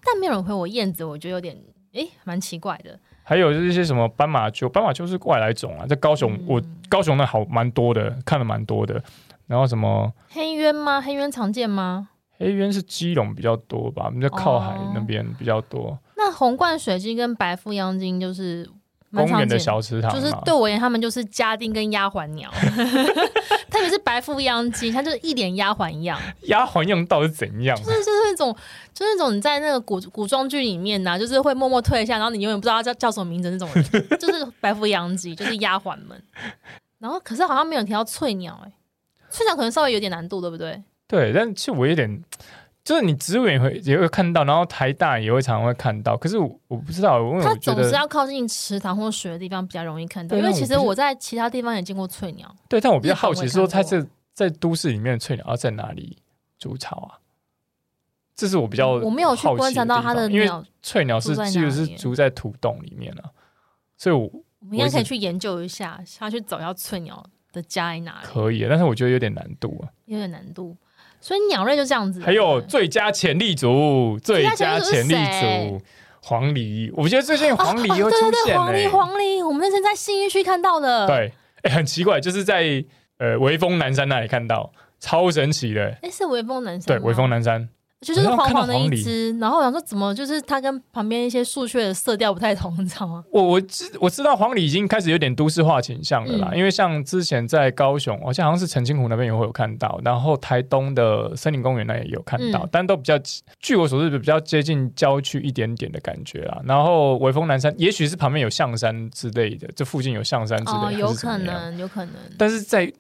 但沒有人回我燕子，我覺得有點哎，蠻、欸、奇怪的。還有就是一些什麼斑馬鳩，斑馬鳩是外來種啊，在高雄我、嗯、高雄那好蠻多的，看了蠻多的。然後什麼黑鳶嗎？黑鳶常見嗎？黑鳶是基隆比較多吧，我們靠海那邊比較多、哦。那紅冠水雞跟白腹秧雞就是。公園的小池塘，就是對我而言，他們就是家丁跟丫鬟鳥， 特別是白腹秧雞，他就是一臉丫鬟一樣。丫鬟樣到底是怎樣？就是就是那種，就是那種你在那個古古裝劇裡面吶、啊，就是會默默退下，然後你永遠不知道他叫叫什麼名字那種人， 就是白腹秧雞，就是丫鬟們。然後可是好像沒有提到翠鳥哎、欸，翠鳥可能稍微有點難度，對不對？對，但其實我有點。就是你植物園也會也會看到，然後台大也會常常會看到。可是我，我不知道，我問覺它，總是要靠近池塘或水的地方比較容易看到。因為其實我在其他地方也見過翠鳥。對，但我比較好奇，說它是在都市裡面的翠鳥，它、啊、在哪裡築巢啊？這是我比較我，我沒有去觀察到它的鳥，因為翠鳥是其實是住在土洞裡面了、啊，所以我，我應該可以去研究一下，下去找一下翠鳥的家在哪裡。可以，但是我覺得有點難度啊，有點難度。所以鳥類就這樣子，還有最佳潛力組，最佳潛力組，黃鸝。我覺得最近黃鸝會出現、欸啊啊、對對對黃鸝黃鸝，我們那天在信義區看到的，對、欸，很奇怪，就是在呃，微風南山那裡看到，超神奇的，誒、欸，是微風南山，對，微風南山。就，就是黃黃的一隻，然後我想說，怎麼就是它跟旁邊一些樹雀的色調不太同，你知道嗎？我我知我知道黃鸝已經開始有點都市化傾向的啦、嗯，因為像之前在高雄，好像好像是澄清湖那邊也會有看到，然後台東的森林公園那也有看到，嗯、但都比較據我所知比較接近郊區一點點的感覺啦。然後微風南山，也許是旁邊有象山之類的，這附近有象山之類的，哦、有可能，有可能。但是在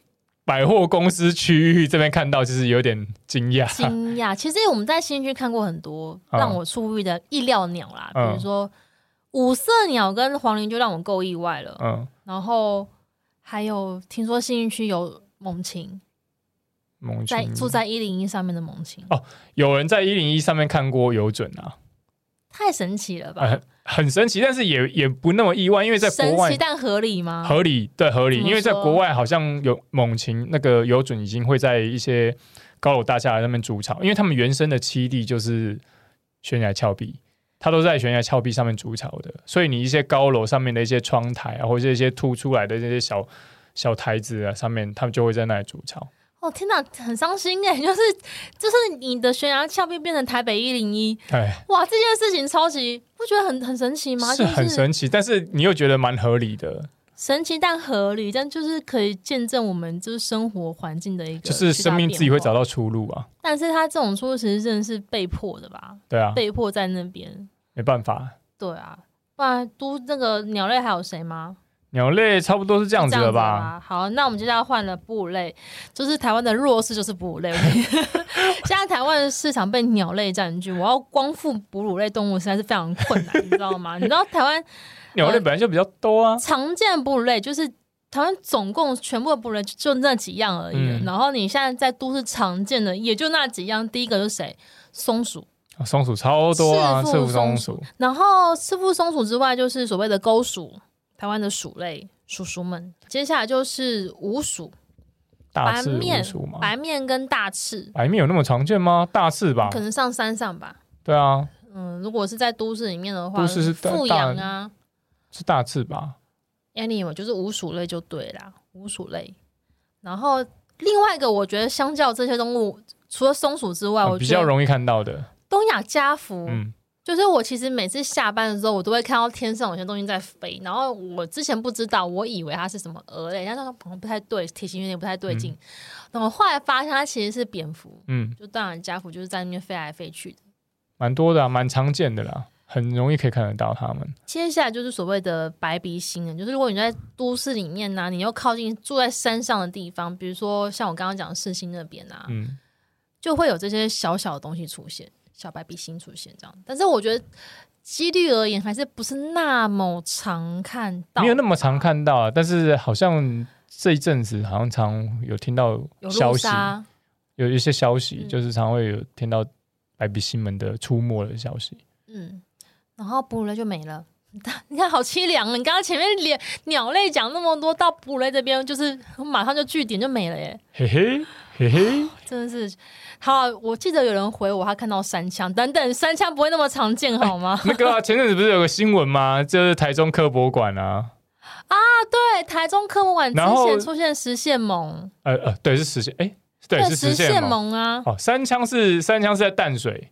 百貨公司區域這邊看到，其實有點驚訝。驚訝，其實我們在信義區看過很多讓我出乎意料的鳥啦、嗯嗯，比如說五色鳥跟黃鸝就讓我夠意外了。嗯，然後還有聽說信義區有猛禽，在住在一零一上面的猛禽哦，有人在一零一上面看過有准啊，嗯、太神奇了吧！很神奇，但是也也不那麼意外，因為在國外，神奇但合理嗎？合理，對，合理，因為在國外好像有猛禽那個有准已經會在一些高樓大廈上面築巢，因為它們原生的棲地就是懸崖峭壁，它都在懸崖峭壁上面築巢的，所以你一些高樓上面的一些窗台啊，或者一些凸出來的這些小小台子啊，上面他們就會在那裡築巢。哦天吶，很傷心哎，就是就是你的懸崖峭壁變成台北一零一，對，哇，這件事情超級不覺得很很神奇嗎？是很神奇，但是你又覺得蠻合理的，神奇但合理，但就是可以見證我們就是生活環境的一個，就是生命自己會找到出路啊。但是他這種出路其實真的是被迫的吧？對啊，被迫在那邊沒辦法。對啊，不然都那個鳥類還有誰嗎？鳥類差不多是這樣子的吧子。好，那我們接下來換了哺乳類，就是台灣的弱勢就是哺乳類。 現在台灣市場被鳥類佔據，我要光復哺乳類動物實在是非常困難，你知道嗎？你知道台灣鳥類本來就比較多啊。呃、常見哺乳類，就是台灣總共全部的哺乳類就那幾樣而已、嗯。然後你現在在都市常見的也就那幾樣，第一個就是誰？松鼠、哦。松鼠超多啊，赤腹松，松鼠。然後赤腹松鼠之外，就是所謂的溝鼠。台灣的鼠類鼠鼠們。接下來就是鼯鼠，無白面、白面跟大赤。白面有那麼常見嗎？大赤吧，可能上山上吧。對啊，嗯，如果是在都市裡面的話，都市是富養啊，是大赤吧 anyway, 就是鼯鼠類就對啦，鼯鼠類。然後另外一個，我覺得相較這些動物，除了松鼠之外，我、嗯、比較容易看到的東亞家蝠，嗯。就是我其實每次下班的時候，我都會看到天上有些東西在飛。然後我之前不知道，我以為它是什麼蛾類，但是它可能不太對，體型有點不太對勁。那、嗯、麼後，後來發現它其實是蝙蝠，嗯，就當然家蝠就是在那邊飛來飛去的，蠻多的、啊，蠻常見的啦，很容易可以看得到它們。接下來就是所謂的白鼻心，就是如果你在都市裡面呢、啊，你又靠近住在山上的地方，比如說像我剛剛講的世新那邊啊，嗯，就會有這些小小的東西出現。小白鼻心出現這樣，但是我覺得幾率而言還是不是那麼常看到，沒有那麼常看到。但是好像這一陣子好像常有聽到消息，有,有一些消息、嗯、就是常會有聽到白鼻心們的出沒的消息。嗯，然後哺乳類就沒了， 你看好淒涼啊，你剛剛前面鳥鳥類講那麼多，到哺乳類這邊就是馬上就句點就沒了耶，嘿嘿嘿嘿，真的是。好、啊，我記得有人回我，他看到山羌，等等，山羌不會那麼常見，好嗎？欸、那個、啊、 前陣子不是有個新聞嗎？就是台中科博館啊，啊，對，台中科博館之前出現食蟹獴，呃呃，對，是食蟹，哎、欸，對，是食蟹獴啊。哦，山羌是山羌是在淡水，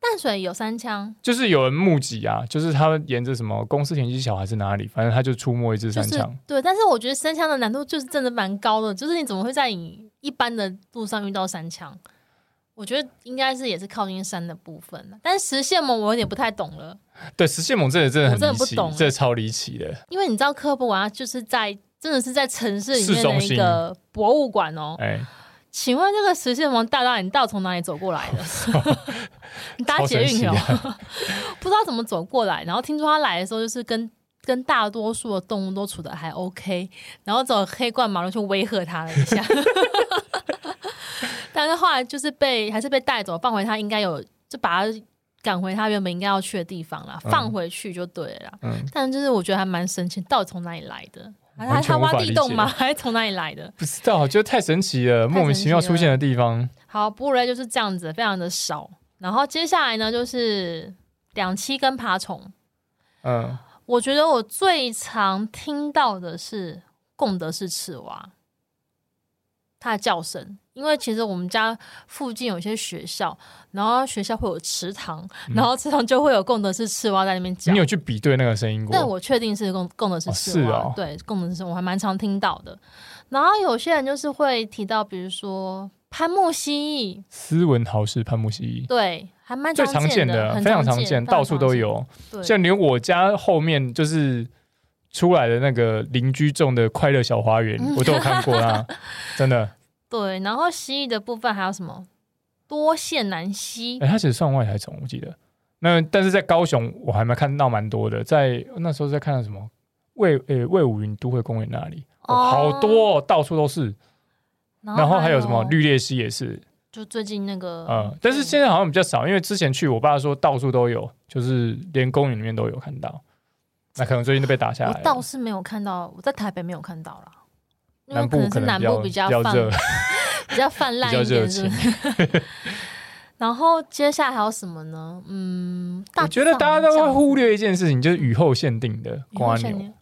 淡水有山羌，就是有人目擊啊，就是他們沿着什麼公司田溪小還是哪裡，反正他就出沒一隻山羌、就是。對，但是我覺得山羌的難度就是真的蠻高的，就是你怎麼會在你一般的路上遇到山羌？我覺得應該是也是靠近山的部分，但食蟹獴，我有點不太懂了。對，食蟹獴真的真的很，真的不懂，這個、超離奇的。因為你知道科博館、啊、就是在真的是在城市裡面的一個博物館哦。哎，請問這個食蟹獴大大你到從哪裡走過來的？ 奇啊、 你搭捷運哦？ 不知道怎麼走過來。然後聽說他來的時候，就是跟跟大多數的動物都處得還 OK，然後走黑冠麻鷺去威嚇他了一下。 但是後來就是被還是被帶走放回他應該有就把他趕回他原本應該要去的地方了、嗯、放回去就對了、嗯。但就是我覺得還蠻神奇，到底從哪裡來的？還是他挖地洞嗎？還是從哪裡來的？不知道，覺得太神奇了，莫名其妙出現的地方。好，哺乳類就是這樣子，非常的少。然後接下來呢，就是兩棲跟爬蟲。嗯，我覺得我最常聽到的是貢德氏赤蛙，它的叫聲。因為其實我們家附近有一些學校，然後學校會有池塘，嗯、然後池塘就會有貢德氏赤蛙在那邊講。你有去比對那個聲音過？但我確定是貢貢德氏赤蛙，哦、對，貢德氏我還蠻常聽到的、哦。然後有些人就是會提到，比如說攀木蜥蜴，斯文豪氏攀木蜥蜴，對，還蠻常見的，常見的常見，非常常見，到處都有常常。像連我家後面就是出來的那個鄰居種的快樂小花園，我都有看過啦、啊， 真的。對，然後蜥蜴的部分還有什麼多線南蜥？哎，它只是算外來種，我記得。那但是在高雄，我還沒看到蠻多的，在那時候在看到什麼衛呃衛武營都會公園那裡，哦哦、好多、哦、到處都是。然後還有,然後還有什麼綠鬣蜥也是？就最近那個，嗯，但是現在好像比較少，因為之前去我爸說到處都有，就是連公園裡面都有看到。那可能最近都被打下來了。倒是沒有看到，我在台北沒有看到啦。那可能是南部比較比較熱，泛濫一點，是 就 然後接下來還有什麼呢？嗯，我覺得大家都會忽略一件事情， 就是雨後限定的蝸牛，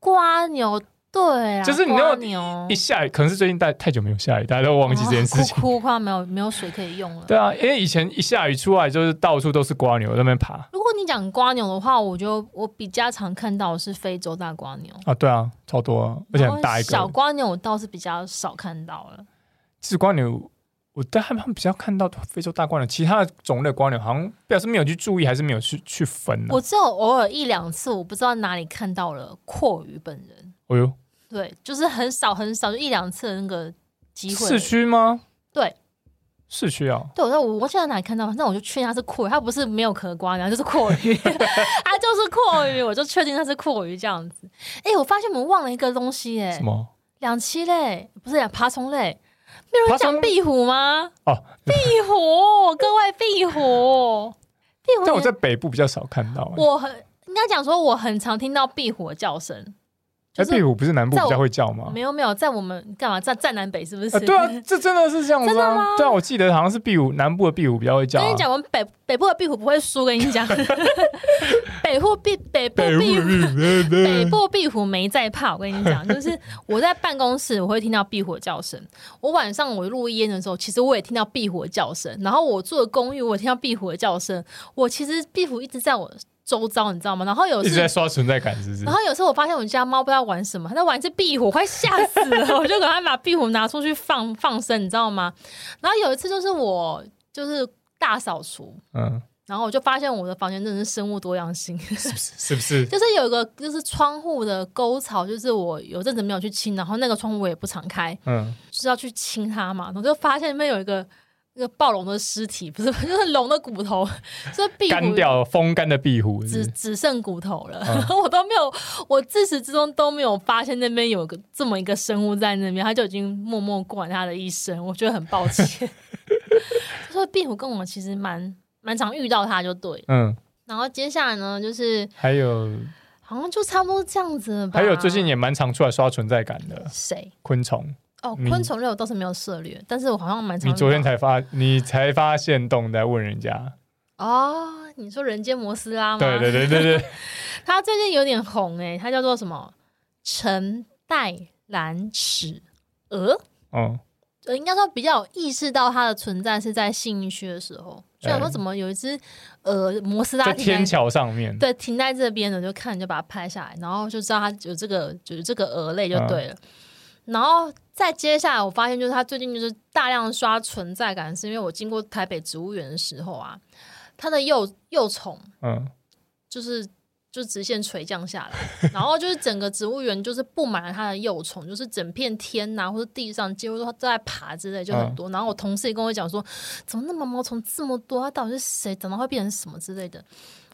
蝸 牛。對啊，就是你那牛一下雨，可能是最近太太久沒有下雨，大家都忘記這件事情。啊、哭的話沒有沒有水可以用了。 對啊，因為以前一下雨出來就是到處都是蝸牛在那邊爬。如果你講蝸牛的話，我就我比較常看到是非洲大蝸牛啊，對啊，超多、啊，而且很大一個。小蝸牛我倒是比較少看到了。其實蝸牛，我在他們比較看到非洲大蝸牛，其他的種類蝸牛好像表示沒有去注意，還是沒有去去分、啊。我只有偶爾一兩次，我不知道哪裡看到了蛞蝓本人。哎呦。對，就是很少很少，就一兩次的那個機會。市區嗎？對，市區啊。對，我在我現在哪裡看到？那我就確定它是蛞蝓，它不是沒有殼瓜，然後就是蛞蝓，它 就是蛞蝓，我就確定它是蛞蝓這樣子。哎、欸，我發現我們忘了一個東西、欸，哎，什麼？兩棲類不是講爬蟲類，沒有人講壁虎嗎？哦，壁虎， 各位壁虎， 壁虎但我在北部比較少看到、欸。我很應該講說，我很常聽到壁虎的叫聲。哎、就是，壁虎不是南部比較會叫嗎？沒有沒有，在我們幹嘛在在南北是不是、啊？對啊，這真的是這樣子、啊、真的嗎？但啊，我記得好像是壁虎南部的壁虎比較會叫、啊。我跟你講，我們北北部的壁虎不會輸。跟你講， 北部壁北部壁虎北部壁虎沒在怕。我跟你講，就是我在辦公室我會聽到壁虎的叫聲， 我晚上我錄音的時候其實我也聽到壁虎的叫聲，然後我住的公寓我也聽到壁虎的叫聲，我其實壁虎一直在我。週遭你知道嗎？然後有一次一直在刷存在感，是不是？然後有時候我發現我家貓不知道玩什麼，它在玩一隻壁虎，快嚇死了！ 我就趕快把壁虎拿出去放放生，你知道嗎？然後有一次就是我就是大掃除，嗯，然後我就發現我的房間真的是生物多樣性，是不是？ 就是有一個就是窗戶的溝槽，就是我有陣子沒有去清，然後那個窗戶我也不常開，嗯，就是要去清它嘛。我就發現裡面有一個。個暴龍的屍體不是，就是龍的骨頭，是壁虎乾掉了風乾的壁虎，只只剩骨頭了。哦、 我都沒有，我自始至終都沒有發現那邊有個這麼一個生物在那邊，他就已經默默過完他的一生。我覺得很抱歉。說 壁虎跟我其實蠻蠻常遇到，他就對，嗯。然後接下來呢，就是還有，好像就差不多這樣子。還有最近也蠻常出來刷存在感的，誰昆蟲？哦，昆蟲類我倒是沒有涉獵，但是我好像蠻常。你昨天才發，你才發現動在問人家哦、oh, 你說人間摩斯拉嗎？對對對對他 最近有點紅哎、欸，他叫做什麼橙帶藍尺蛾？哦，oh. 應該說比較有意識到它的存在是在信義區的時候，就我說怎麼有一只蛾、摩斯拉停在，在天橋上面對停在這邊的，就看就把它拍下來，然後就知道它有這個就是這個蛾類就對了。嗯然後再接下來，我發現就是他最近就是大量刷存在感，是因為我經過台北植物園的時候啊，他的幼幼蟲，嗯，就是就直線垂降下來、嗯，然後就是整個植物園就是布滿了它的幼蟲， 就是整片天吶、啊、或者地上，幾乎都在爬之類，就很多、嗯。然後我同事也跟我講說，怎麼那麼毛蟲這麼多？它到底是誰？怎麼會變成什麼之類的？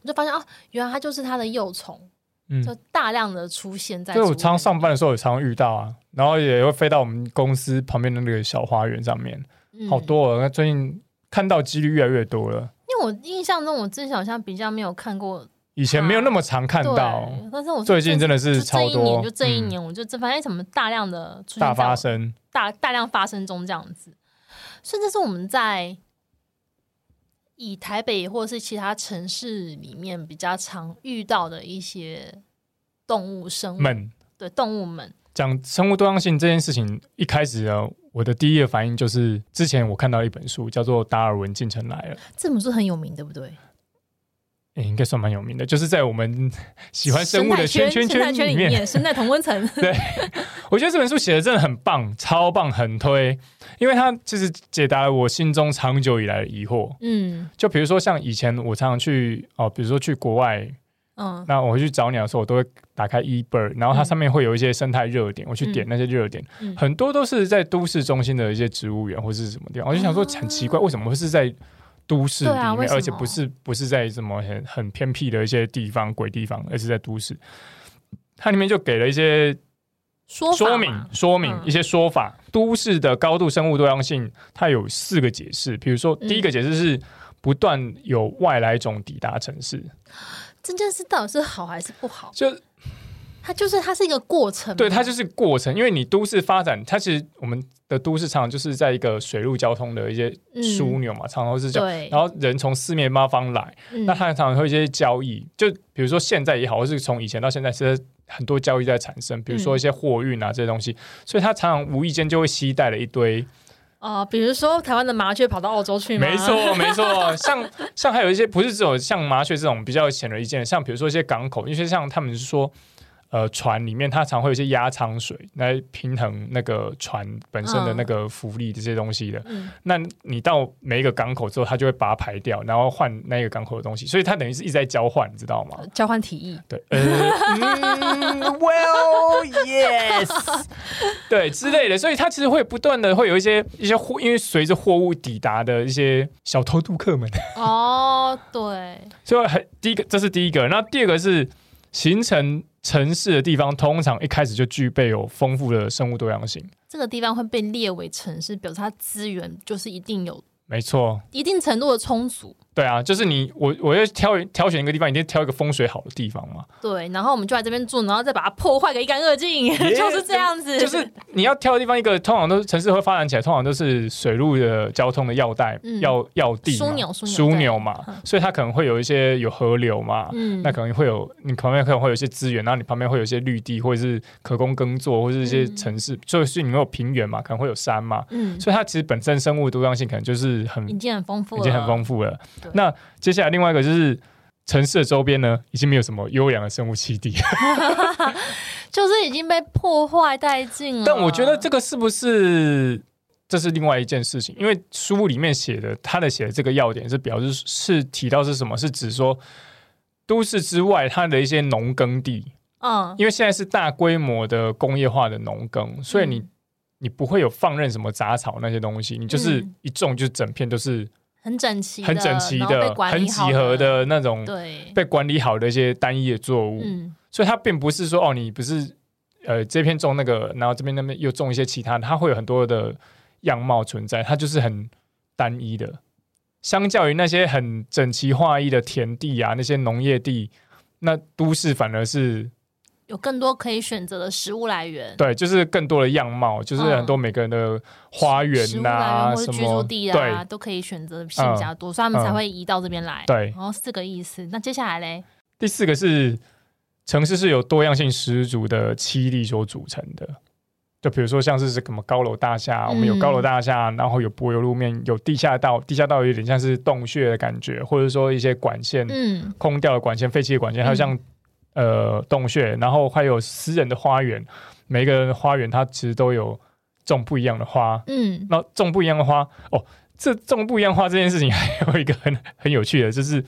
我就發現啊，原來它就是它的幼蟲。嗯，就大量的出現在、嗯。就我常上班的時候也常遇到啊、嗯，然後也會飛到我們公司旁邊的那個小花園上面，嗯、好多哦，那最近看到幾率越來越多了。因為我印象中，我之前好像比較沒有看過，以前沒有那麼常看到、嗯。但是我最近真的是超多，就這一年，就這一年我就真發現什麼大量的出現，大發生，大大量發生中這樣子，甚至是我們在。以台北或是其他城市裡面比較常遇到的一些動物生物，對動物們講生物多樣性這件事情，一開始啊，我的第一個反應就是，之前我看到一本書叫做《達爾文進城來了》，這本書很有名，對不對？欸、應該算蠻有名的，就是在我們喜歡生物的圈圈圈裡面，生態同溫層。 對，我覺得這本書寫的真的很棒，超棒，很推，因為它就是解答了我心中長久以來的疑惑。嗯，就比如說像以前我常常去哦，比如說去國外，嗯，那我去找你的時候，我都會打開 e b r 然後它上面會有一些生態熱點、嗯，我去點那些熱點、嗯，很多都是在都市中心的一些植物園或是什麼地方、嗯，我就想說很奇怪，為什麼會是在？都市裡面，啊、而且不是不是在什麼很很偏僻的一些地方、鬼地方，而是在都市。它裡面就給了一些說明，說、說明、嗯、一些說法。都市的高度生物多樣性，它有四個解釋。比如說、嗯，第一個解釋是不斷有外來種抵達城市。這件事到底是好還是不好？就。它就是它是一個過程，對，它就是過程。因為你都市發展，它其實我們的都市，常常就是在一個水路交通的一些樞紐嘛、嗯，常常是這樣。對，然後人從四面八方來、嗯，那它常常會一些交易。就比如說現在也好，或是從以前到現在，是很多交易在產生。比如說一些貨運啊、嗯、這些東西，所以它常常無意間就會吸帶了一堆。啊、呃，比如說台灣的麻雀跑到澳洲去，沒錯沒錯。 像像還有一些不是這種像麻雀這種比較顯而易見，像比如說一些港口，因為像他們是說。呃，船裡面它常會有一些壓艙水來平衡那個船本身的那個浮力，這些東西的、嗯嗯。那你到每一個港口之後，它就會把它排掉，然後換那個港口的東西，所以它等於是一直在交換，你知道嗎？交換體意。對，呃、 嗯，Well, yes， 對之類的，所以它其實會不斷的會有一些一些貨，因為隨着貨物抵達的一些小偷渡客們。 哦，對。所以，第一個這是第一個，那第二個是行程。城市的地方通常一開始就具備有豐富的生物多樣性。這個地方會被列為城市，表示它資源就是一定有，沒錯，一定程度的充足。對啊，就是你我我要挑挑選一個地方，一定挑一個風水好的地方嘛。對，然後我們就在這邊住，然後再把它破壞個一乾二淨，yeah, 就是這樣子。嗯、就是你要挑的地方，一個通常都是城市會發展起來，通常都是水路的交通的要帶要要地樞紐樞紐嘛，嘛、嗯，所以它可能會有一些有河流嘛，嗯、那可能會有你旁邊可能會有一些資源，然後你旁邊會有一些綠地或者是可供耕作，或者是一些城市，就、嗯、是你沒有平原嘛，可能會有山嘛，嗯、所以它其實本身生物的多樣性可能就是很已經很豐富，已經很豐富了。那接下來另外一個就是城市的周邊呢，已經沒有什麼優良的生物棲地， 就是已經被破壞殆盡了。但我覺得這個是不是這是另外一件事情？因為書裡面寫的，他的寫的這個要點是表示，是提到是什麼？是指說都市之外，它的一些農耕地啊，嗯、因為現在是大規模的工業化的農耕，所以你、嗯、你不會有放任什麼雜草那些東西，你就是一種就整片都是。很整齊、很整齊的，的、很幾何的那種，被管理好的一些單一的作物。嗯、所以它並不是說哦，你不是呃，這邊種那個，然後這邊那邊又種一些其他的，它會有很多的樣貌存在。它就是很單一的，相較於那些很整齊劃一的田地啊，那些農業地，那都市反而是。有更多可以選擇的食物來源，對，就是更多的樣貌，就是很多每個人的花園吶、啊、嗯、或是居住地的啊什麼，都可以選擇比較多、嗯，所以他們才會移到這邊來。對、嗯，然後是這個意思。那接下來嘞，第四個是城市是由多樣性十足的棲地所組成的，就比如說像是什麼高樓大廈、嗯，我們有高樓大廈，然後有柏油路面，有地下道，地下道有點像是洞穴的感覺，或者說一些管線，嗯，空調的管線、廢棄的管線，還、嗯、有像。呃，洞穴，然後還有私人的花園，每個人的花園它其實都有種不一樣的花，嗯，那種不一樣的花哦，這種不一樣的花這件事情還有一個很很有趣的，就是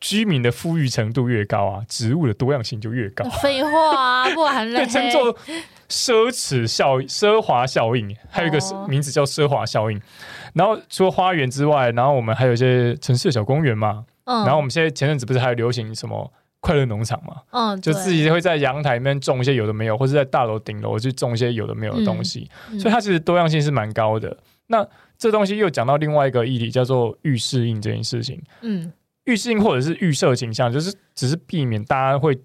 居民的富裕程度越高啊，植物的多樣性就越高，廢話、啊、不然，對，被稱作奢侈效應奢華效應，還有一個名字叫奢華效應、哦。然後除了花園之外，然後我們還有一些城市的小公園嘛，嗯，然後我們現在前陣子不是還有流行什麼？快樂農場嘛，嗯，就自己會在陽台裡面種一些有的沒有，或是在大樓頂樓去種一些有的沒有的東西，嗯嗯、所以它其實多樣性是蠻高的。那這東西又講到另外一個議題，叫做預適應這件事情。嗯，預適應或者是預設傾向，就是只是避免大家會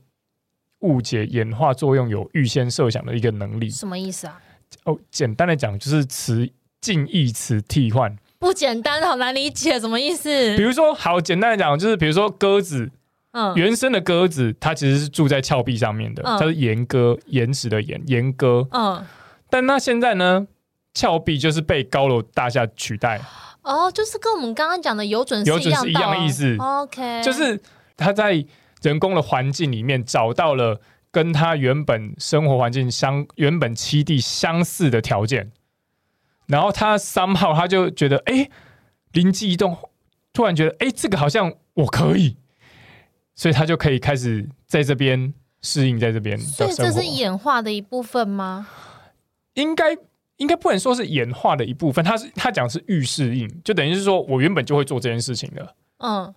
誤解演化作用有預先設想的一個能力。什麼意思啊？哦，簡單的講就是詞近義詞替換。不簡單，好難理解，什麼意思？比如說，好簡單的講就是，比如說鴿子。嗯，原生的鴿子，它其實是住在峭壁上面的，它、嗯、是岩鴿，岩石的岩，岩鴿。嗯，但那現在呢，峭壁就是被高樓大廈取代。哦，就是跟我們剛剛講的有準、啊、有準是一樣的意思。哦、OK，就是它在人工的環境裡面找到了跟它原本生活環境相原本棲地相似的條件，然後它 somehow 它就覺得哎，靈機一動，突然覺得哎，這個好像我可以。所以他就可以開始在這邊適應，在這邊，所以這是演化的一部分嗎？應該，應該不能說是演化的一部分。他是他講是預適應，就等於是說我原本就會做這件事情的，嗯，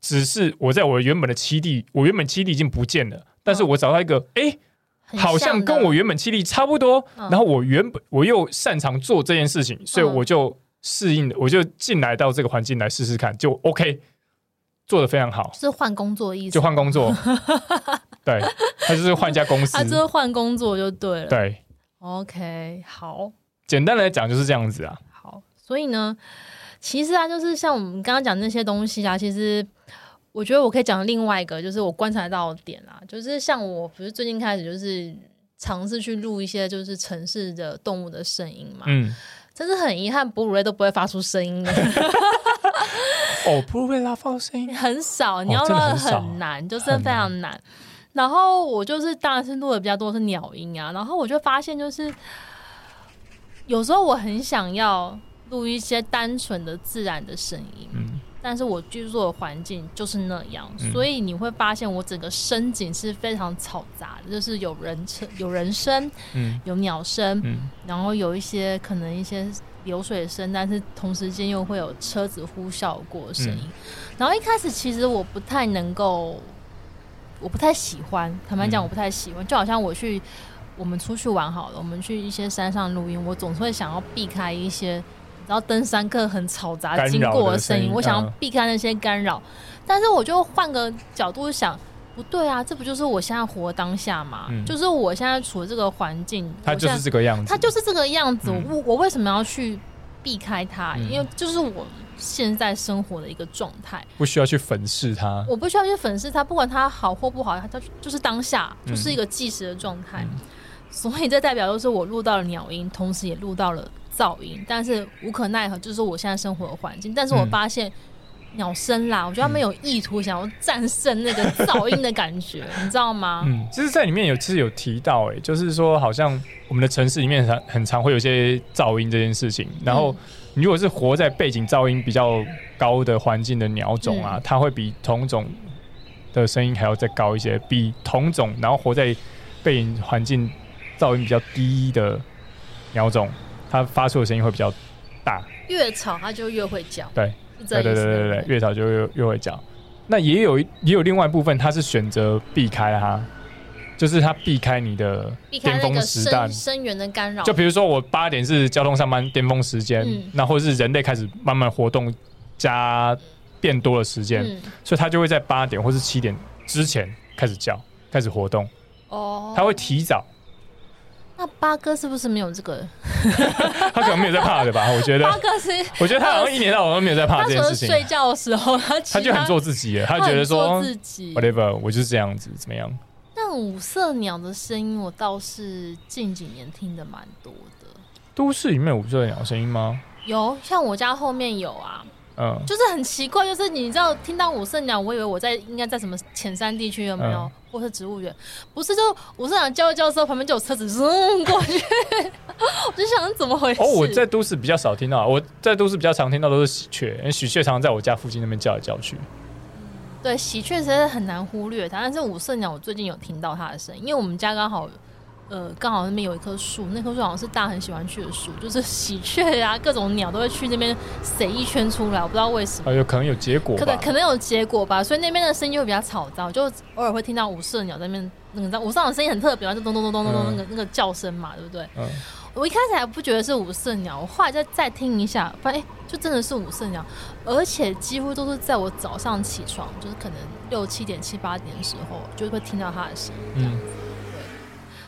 只是我在我原本的棲地，我原本棲地已經不見了，但是我找到一個，哎、嗯欸，好像跟我原本棲地差不多，嗯，然後我原本我又擅長做這件事情，所以我就適應了，嗯，我就進來到這個環境來試試看，就 OK。做得非常好，就是換工作的意思，就換工作。 對，他就是換一家公司， 他就是換工作就對了。對，OK，好。簡單來講就是這樣子啊。好，所以呢，其實啊，就是像我們剛剛講那些東西啊，其實我覺得我可以講另外一個，就是我觀察到的點啦、啊，就是像我不是最近開始就是嘗試去錄一些就是城市的動物的聲音嘛。嗯。真是很遺憾，哺乳類都不會發出聲音的。 哦、oh，不會啦，放心。很少，你要說很難，oh, 真的很少，就是非常難。難，然後我就是，當然是錄的比較多是鳥音啊。然後我就發現，就是有時候我很想要錄一些單純的自然的聲音，嗯，但是我居住的環境就是那樣，嗯，所以你會發現我整個聲景是非常嘈雜的，就是有人有人聲，嗯，有鳥聲，嗯，然後有一些可能一些。流水聲，但是同時間又會有車子呼嘯過的聲音、嗯。然後一開始其實我不太能夠，我不太喜歡，坦白講我不太喜歡。嗯、就好像我去我們出去玩好了，我們去一些山上錄音，我總是會想要避開一些，然後登山客很嘈雜經過的聲音、嗯，我想要避開那些干擾。但是我就換個角度想。不對啊，這不就是我現在活的當下嘛、嗯？就是我現在處的這個環境，它就是這個樣子。它就是這個樣子。嗯、我我為什麼要去避開它、嗯？因為就是我現在生活的一個狀態，不需要去粉飾它。我不需要去粉飾它，不管它好或不好，它就是當下，嗯、就是一個即時的狀態、嗯嗯。所以這代表就是我錄到了鳥音，同時也錄到了噪音，但是無可奈何，就是我現在生活的環境。但是我發現。嗯鳥聲啦，我覺得他們有意圖想要戰勝那個噪音的感覺，嗯、 你知道嗎？嗯，其實在裡面有其實有提到、欸，哎，就是說好像我們的城市裡面很常會有一些噪音這件事情。然後，你如果是活在背景噪音比較高的環境的鳥種啊、嗯，它會比同種的聲音還要再高一些；比同種然後活在背景環境噪音比較低的鳥種，它發出的聲音會比較大。越吵，它就越會叫。對。對對對對對，越早，就越越會叫。那也有也有另外一部分，它是選擇避開它，就是它避開你的巔峰時段。聲源的干擾。就比如說我八點是交通上班巔峰時間，那、嗯、或是人類開始慢慢活動加變多的時間，嗯、所以它就會在八點或是七點之前開始叫，開始活動。哦，它會提早。那八哥是不是沒有這個？ 他可能沒有在怕的吧， 我覺得。八哥是，我覺得他好像一年到晚都沒有在怕這件事情。睡覺的時候，他他就很做自己，他覺得說自己，whatever，我就是這樣子，怎麼樣？那五色鳥的聲音，我倒是近幾年聽得蠻多的。都市裡面，我不就鳥聲音嗎？有，像我家後面有啊。嗯，就是很奇怪，就是你知道，聽到五色鳥，我以為我在應該在什麼淺山地區有沒有、嗯，或是植物園，不是就，就五色鳥叫一叫的時候，旁邊就有車子 zoom、呃、過去， 我就想怎麼回事？哦，我在都市比較少聽到，我在都市比較常聽到都是喜鵲，因為喜鵲常常在我家附近那邊叫來叫去、嗯。對，喜鵲實在是很難忽略它，但是五色鳥，我最近有聽到它的聲音，因為我們家剛好。呃，剛好那邊有一棵樹，那棵樹好像是大家很喜歡去的樹，就是喜鵲呀、啊，各種鳥都會去那邊飛一圈出來，我不知道為什麼。有、哎、可能有結果吧。可能可能有結果吧，所以那邊的聲音就會比較吵雜，就偶爾會聽到五色鳥在那邊，你知道五色鳥聲音很特別，就咚咚咚咚咚，咚，咚、嗯、那個那個叫聲嘛，對不對？嗯。我一開始還不覺得是五色鳥，我後來再，再聽一下，發現、欸、就真的是五色鳥，而且幾乎都是在我早上起床，就是可能六七點七八點的時候，就會聽到它的聲音。嗯。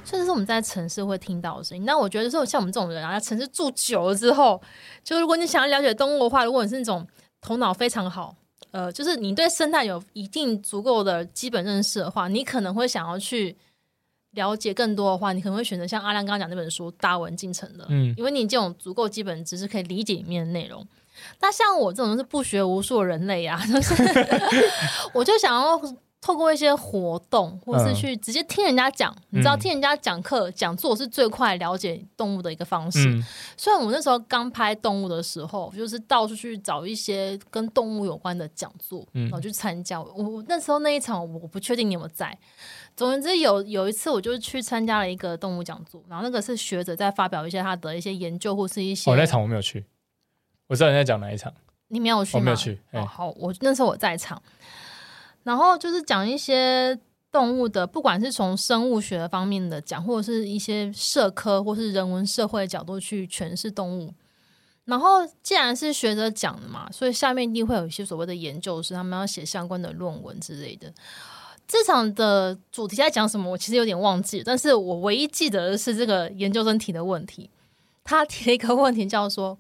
甚至是我們在城市會聽到的聲音。那我覺得，就像我們這種人啊，在城市住久了之後，就如果你想要了解動物的話，如果你是那種頭腦非常好，呃，就是你對生態有一定足夠的基本認識的話，你可能會想要去了解更多的話，你可能會選擇像阿亮剛剛講那本書《達爾文進城》的，嗯，因為你這種足夠基本知識可以理解裡面的內容。那像我這種是不學無術的人類啊，就是 我就想要。透過一些活動，或是去直接聽人家講、嗯，你知道，聽人家講課、講、嗯、座是最快了解動物的一個方式。所、嗯、以，雖然我們那時候剛拍動物的時候，就是到處去找一些跟動物有關的講座，然後去參加、嗯我。我那時候那一場，我不確定你有沒有在。總之有，有有一次，我就是去參加了一個動物講座，然後那個是學者在發表一些他的一些研究或是一些。我、哦、那場我沒有去。我知道你在講哪一場。你沒有去？我沒有去。欸、哦，好，我那時候我在場。然後就是講一些動物的，不管是從生物學方面的講，或者是一些社科或是人文社會的角度去詮釋動物。然後既然是學者講的嘛，所以下面一定會有一些所謂的研究，是他們要寫相關的論文之類的。這場的主題在講什麼，我其實有點忘記了，但是我唯一記得的是這個研究生提的問題，他提了一個問題，叫說：“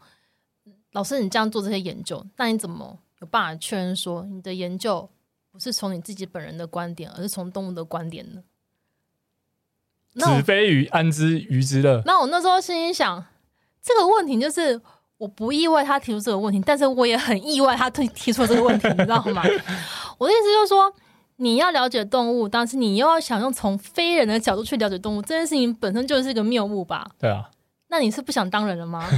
老師，你這樣做這些研究，那你怎麼有辦法確認說你的研究？”不是從你自己本人的觀點，而是從動物的觀點呢？子非魚，安知魚之樂？那我那時候心裡想，這個問題就是我不意外他提出這個問題，但是我也很意外他提提出這個問題， 你知道嗎？我的意思就是說，你要了解動物，但是你又要想用從非人的角度去了解動物，這件事情本身就是一個謬誤吧？對啊。那你是不想當人了嗎？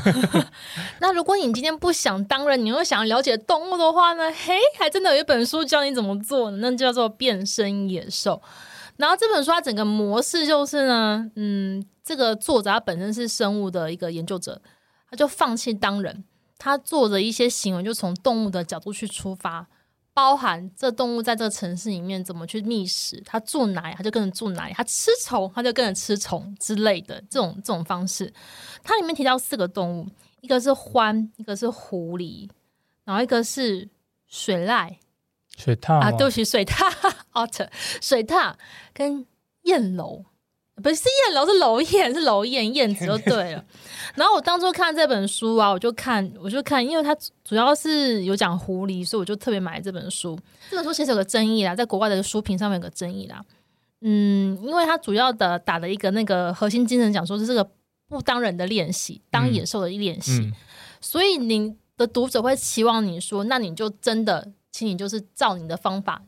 那如果你今天不想當人，你又想要了解動物的話呢？嘿，還真的有一本書教你怎麼做，那叫做《變身野獸》。然後這本書它整個模式就是呢，嗯，這個作者他本身是生物的一個研究者，他就放棄當人，他做的一些行為就從動物的角度去出發。包含這動物在這個城市裡面怎麼去覓食，它住哪他它就跟着住哪裡，它吃蟲，它就跟着吃蟲之類的這種這種方式。它裡面提到四個動物，一個是獾，一個是狐狸，然後一個是水獺，水獺啊，都是水獺 water、哦、水獺跟燕樓。不是，是燕樓，是樓燕，是樓燕，燕子，就對了。 然後我當初看這本書啊，我就看我就看，因為它主要是有講狐狸，所以我就特別買這本書。這本、個、書其實有個爭議啦，在國外的書評上面有個爭議啦。嗯，因為它主要的打了一個那個核心精神，講說，這是這個不當人的練習，當野獸的練習、嗯嗯。所以你的讀者會期望你說，那你就真的，請你就是照你的方法。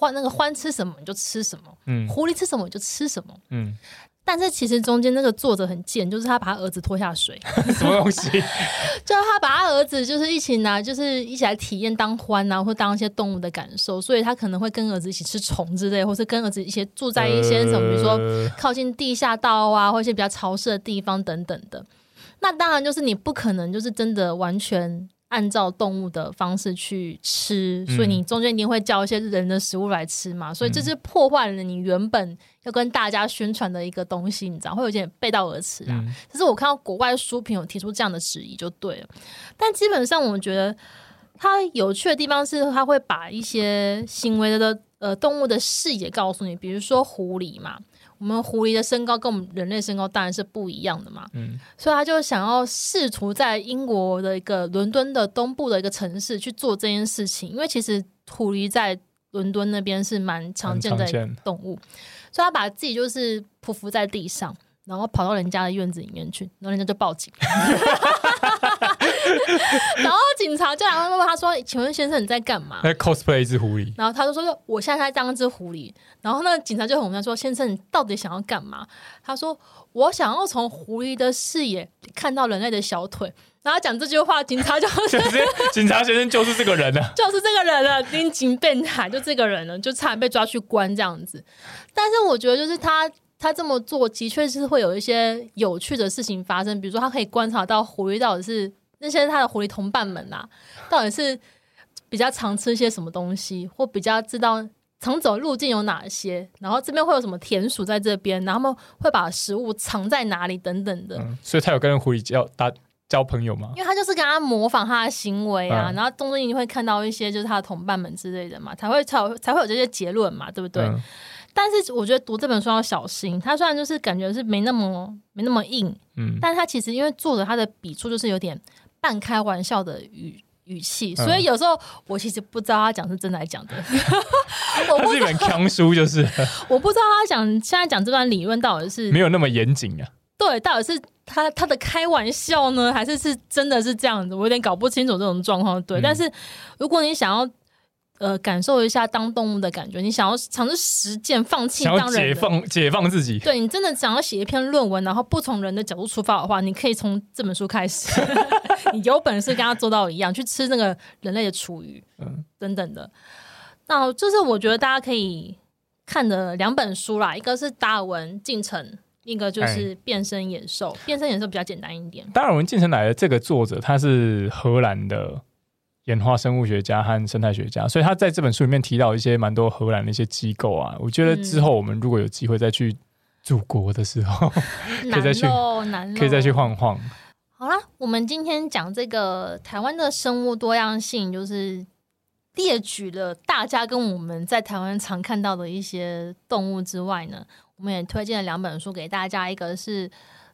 獾，那個獾吃什麼你就吃什麼，嗯，狐狸吃什麼你就吃什麼，嗯。但是其實中間那個作者很賤，就是他把他兒子拖下水。什麼東西？ 就是他把他兒子，就是一起拿，就是一起來體驗當獾啊，或當一些動物的感受。所以他可能會跟兒子一起吃蟲之類，或是跟兒子一起住在一些什麼、呃，比如說靠近地下道啊，或一些比較潮濕的地方等等的。那當然就是你不可能，就是真的完全。按照動物的方式去吃，所以你中間一定會叫一些人的食物來吃嘛，嗯、所以這是破壞了你原本要跟大家宣傳的一個東西，嗯、你知道會有點背道而馳啊、嗯。只是我看到國外書評有提出這樣的質疑就對了，但基本上我們覺得它有趣的地方是，它會把一些行為的呃動物的視野告訴你，比如說狐狸嘛。我們狐狸的身高跟我們人類身高當然是不一樣的嘛，嗯，所以他就想要試圖在英國的一個倫敦的東部的一個城市去做這件事情，因為其實狐狸在倫敦那邊是蠻常見的動物，所以他把自己就是匍匐在地上，然後跑到人家的院子裡面去，然後人家就報警。 然後警察就來問他說：“請問先生你在幹嘛？”在、欸、cosplay 一隻狐狸。然後他就說：“我現在在當一隻狐狸。”然後那警察就問他說：“先生，你到底想要幹嘛？”他說：“我想要從狐狸的視野看到人類的小腿。”然後講這句話，警察就是就是、警察先生就是這個人了， 就是這個人了，盯緊變態，就是、這個人了，就差點被抓去關這樣子。但是我覺得，就是他他這麼做的確是會有一些有趣的事情發生，比如說他可以觀察到狐狸到底是。那些他的狐狸同伴們吶、啊，到底是比較常吃些什麼東西，或比較知道常走路徑有哪些？然後這邊會有什麼田鼠在這邊，然後他們會把食物藏在哪裡等等的。嗯、所以，他有跟狐狸交打交朋友嗎？因為他就是跟他模仿他的行為啊，嗯、然後動作你會看到一些就是他的同伴們之類的嘛，才會才有才會有這些結論嘛，對不對、嗯？但是我覺得讀這本書要小心，他雖然就是感覺是沒那麼沒那麼硬，嗯，但他其實因為作者他的筆觸就是有點。半開玩笑的語語氣，所以有時候、嗯、我其實不知道他講是真的來講的。它、嗯、 是一本強書，就是 我不知道他講現在講這段理論到底是沒有那麼嚴謹啊。對，到底是他他的開玩笑呢，還是是真的是這樣子？我有點搞不清楚這種狀況。對，嗯、但是如果你想要。呃，感受一下當動物的感覺。你想要嘗試實踐，放棄當人，想要解放解放自己。對，你真的想要寫一篇論文，然後不從人的角度出發的話，你可以從這本書開始。 你有本事跟他做到一樣， 去吃那個人類的廚餘、嗯，等等的。那就是我覺得大家可以看的兩本書啦，一個是《達爾文進城》，一個就是變身野《變身野獸》。《變身野獸》比較簡單一點。《達爾文進城》來的這個作者他是荷蘭的。演化生物學家和生態學家，所以他在這本書裡面提到一些蠻多荷蘭的一些機構啊。我覺得之後我們如果有機會再去祖國的時候，嗯、 可以再去，可以再去晃晃。好了，我們今天講這個台灣的生物多樣性，就是列舉了大家跟我們在台灣常看到的一些動物之外呢，我們也推薦了兩本書給大家，一個是《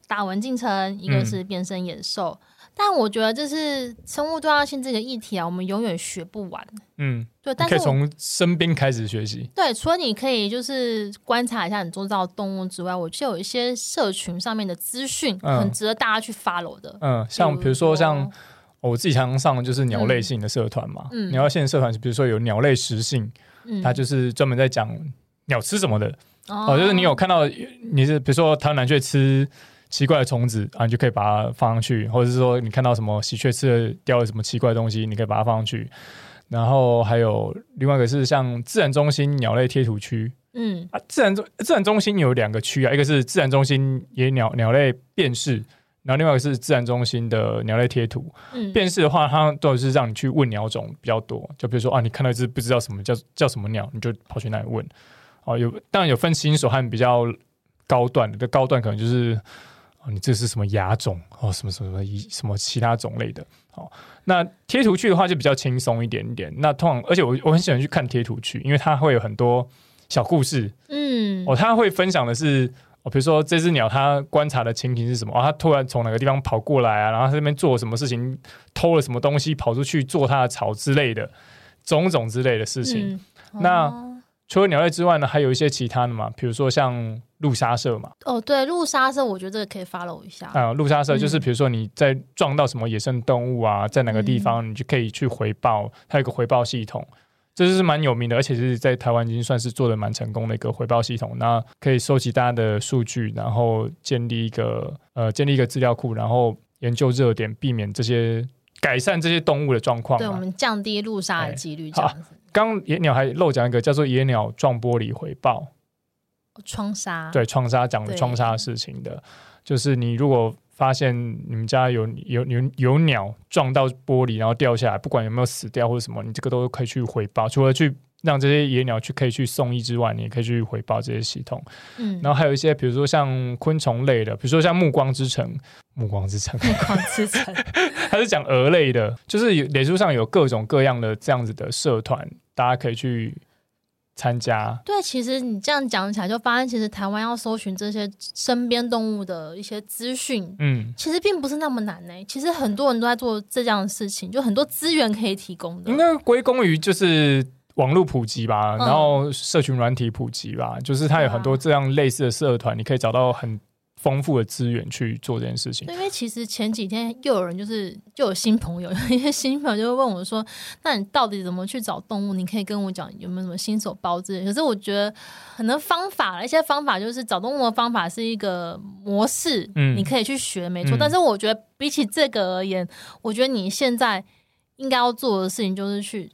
達爾文進城》，一個是《變身野獸》嗯。但我覺得，就是生物多樣性這個議題啊，我們永遠學不完。嗯，對，可以從身邊開始學習。對，除了你可以就是觀察一下你周遭的動物之外，我就有一些社群上面的資訊，很值得大家去 follow 的。嗯，嗯像比如說像、哦哦、我自己常常上就是鳥類性的社團嘛、嗯嗯，鳥類性社團比如說有鳥類食性，嗯、它就是專門在講鳥吃什麼的、嗯。哦，就是你有看到你是比如說台灣藍鵲，去吃。奇怪的蟲子啊，你就可以把它放上去，或者是說你看到什麼喜鵲吃的叼的什麼奇怪的東西，你可以把它放上去。然後還有另外一個是像自然中心鳥類貼圖區，嗯，啊，自然中自然中心有兩個區啊，一個是自然中心野鳥鳥類辨識，然後另外一個是自然中心的鳥類貼圖，嗯。辨識的話，它都是讓你去問鳥種比較多，就比如說啊，你看到一只不知道什麼叫叫什麼鳥，你就跑去那裡問。哦、啊，有當然有分新手和比較高段的，高段可能就是。哦、你這是什麼亞種哦？什麼什麼什麼？什麼其他種類的？好、哦，那貼圖區的話就比較輕鬆一點點。那通常，而且我我很喜歡去看貼圖區，因為它會有很多小故事。嗯，哦，他會分享的是，哦、比如說這只鳥，它觀察的情形是什麼？哦，它突然從哪個地方跑過來啊？然後它這邊做了什麼事情？偷了什麼東西？跑出去做它的巢之類的種種之類的事情。嗯啊、那。除了鳥類之外呢，還有一些其他的嘛，比如說像路殺社嘛。哦，對，路殺社，我覺得這個可以 follow 一下。啊、嗯，路殺社就是比如說你在撞到什麼野生動物啊，嗯、在哪個地方，你就可以去回報。嗯、它有個回報系統，這就是蠻有名的，而且是在台灣已經算是做的蠻成功的一個回報系統。那可以收集大家的數據，然後建立一個呃建立一個資料庫，然後研究熱點，避免這些改善這些動物的狀況，對我們降低路殺的幾率這樣子。欸剛野鳥還漏講一個叫做“野鳥撞玻璃回報”，窗紗對窗紗講窗紗的事情的，就是你如果發現你們家有有有有鳥撞到玻璃然後掉下來，不管有沒有死掉或者什麼，你這個都可以去回報，除了去。讓這些野鳥去可以去送醫之外，你也可以去回報這些系統。嗯，然後還有一些，比如說像昆蟲類的，比如說像暮光之城、暮光之城、暮光之城，它 是講蛾類的，就是臉書上有各種各樣的這樣子的社團，大家可以去參加。對，其實你這樣講起來，就發現其實台灣要搜尋這些身邊動物的一些資訊，嗯，其實並不是那麼難呢。其實很多人都在做這樣的事情，就很多資源可以提供的。應該歸功於就是。網絡普及吧，然後社群軟體普及吧，嗯，就是它有很多這樣類似的社團，啊，你可以找到很豐富的資源去做這件事情。因為其實前幾天又有人就是又有新朋友，有一些新朋友就會問我說：“那你到底怎麼去找動物？你可以跟我講有沒有什麼新手包之類？”可是我覺得可能方法，一些方法就是找動物的方法是一個模式，嗯，你可以去學沒錯，嗯。但是我覺得比起這個而言，我覺得你現在應該要做的事情就是去。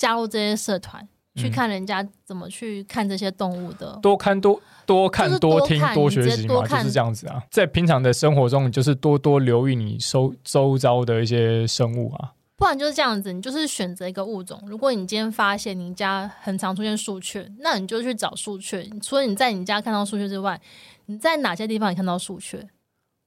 加入這些社團，去看人家怎麼去看這些動物的，嗯、多看多多看、就是、多看多聽多學習嘛，就是這樣子啊。在平常的生活中，你就是多多留意你周周遭的一些生物啊。不然就是這樣子，你就是選擇一個物種。如果你今天發現你家很常出現樹雀，那你就去找樹雀。除了你在你家看到樹雀之外，你在哪些地方也看到樹雀？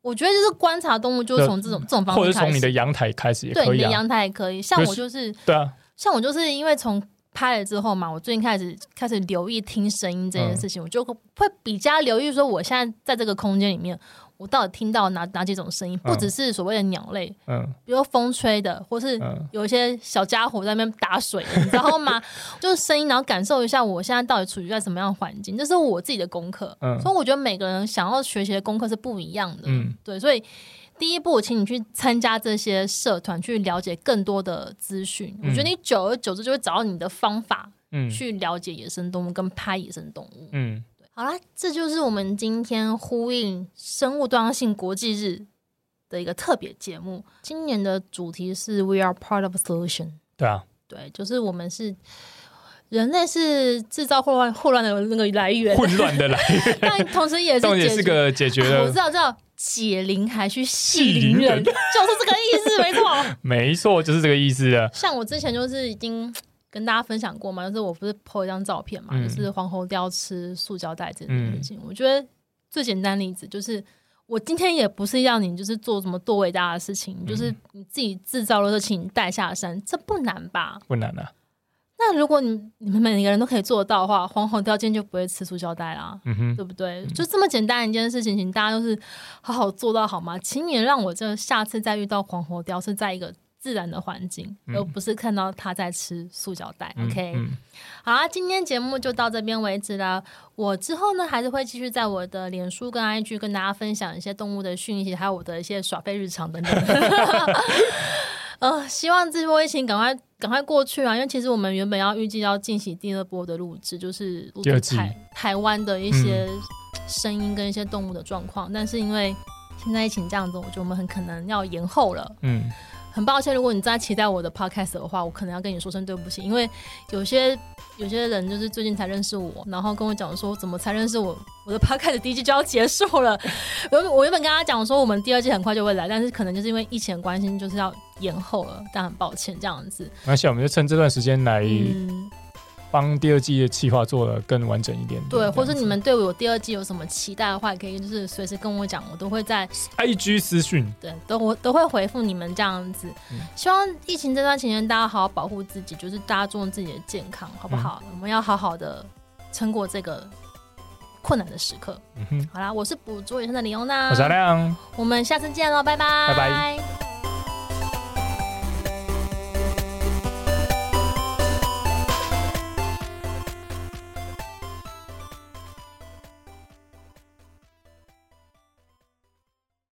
我覺得就是觀察動物，就從這種這種方式或者從你的陽台開始也可以、啊。陽台也可以，像我就是、就是、對啊。像我就是因為從拍了之後嘛，我最近開始開始留意聽聲音這件事情，嗯，我就會比較留意說，我現在在這個空間裡面，我到底聽到哪哪幾種聲音，不只是所謂的鳥類，嗯，比如風吹的，或是有一些小家伙在那邊打水，然後嘛， 就是聲音，然後感受一下我現在到底處於在什麼樣的環境，這是我自己的功課。嗯，所以我覺得每個人想要學習的功課是不一樣的。嗯，對，所以。第一步，我請你去參加這些社團，去了解更多的資訊。嗯、我覺得你久而久之就會找到你的方法，嗯，去了解野生動物跟拍野生動物。嗯，對。好啦，這就是我們今天呼應生物多樣性國際日的一個特別節目。今年的主題是 We are part of a solution。對啊，對，就是我們是人類是制造混亂、混亂的那個來源，混亂的來源， 但同時也是也是個解決、啊、我知道，知道。解鈴還須繫鈴人，人，就是這個意思， 沒錯，沒錯，就是這個意思。像我之前就是已經跟大家分享過嘛，就是我不是拍一張照片嘛，嗯、就是黃喉貂吃塑膠袋這件事情。我覺得最簡單的例子就是，我今天也不是要你就是做什麼多偉大的事情，就是你自己制造的事情帶、嗯、下山，這不難吧？不難啊。但如果你你們每個人都可以做到的話，黃喉貂今天就不會吃塑膠袋啦，嗯，對不對，嗯？就這麼簡單一件事情，請大家都是好好做到好嗎？請你讓我這下次再遇到黃喉貂是在一個自然的環境，而不是看到他在吃塑膠袋。嗯、OK、嗯嗯、好、啊，今天節目就到這邊為止了。我之後呢還是會繼續在我的臉書跟 IG 跟大家分享一些動物的訊息，還有我的一些耍廢日常等等。 呃，希望這波疫情趕快趕快過去啊！因為其實我們原本要預計要進行第二波的錄制，就是台台灣的一些聲音跟一些動物的狀況，嗯，但是因為現在疫情這樣子，我覺得我們很可能要延後了。嗯。很抱歉，如果你在期待我的 podcast 的話，我可能要跟你說聲對不起，因為有些有些人就是最近才認識我，然後跟我講說，怎麼才認識我，我的 podcast 第一季就要結束了。 我我原本跟他講說，我們第二季很快就會來，但是可能就是因為疫情的關係，就是要延後了，但很抱歉這樣子。沒關係，我們就趁這段時間來。嗯幫第二季的計劃做得更完整一點，點。對，或者你們對我第二季有什麼期待的話，可以就是隨時跟我講，我都會在 I G 私訊。對，都我都會回復你們這樣子、嗯。希望疫情這段時間大家好好保護自己，就是大家注重自己的健康，好不好？嗯、我們要好好的撐過這個困難的時刻。嗯、哼好啦，我是捕捉野生的李歐娜，我是阿亮，我們下次見嘍，拜拜，拜拜。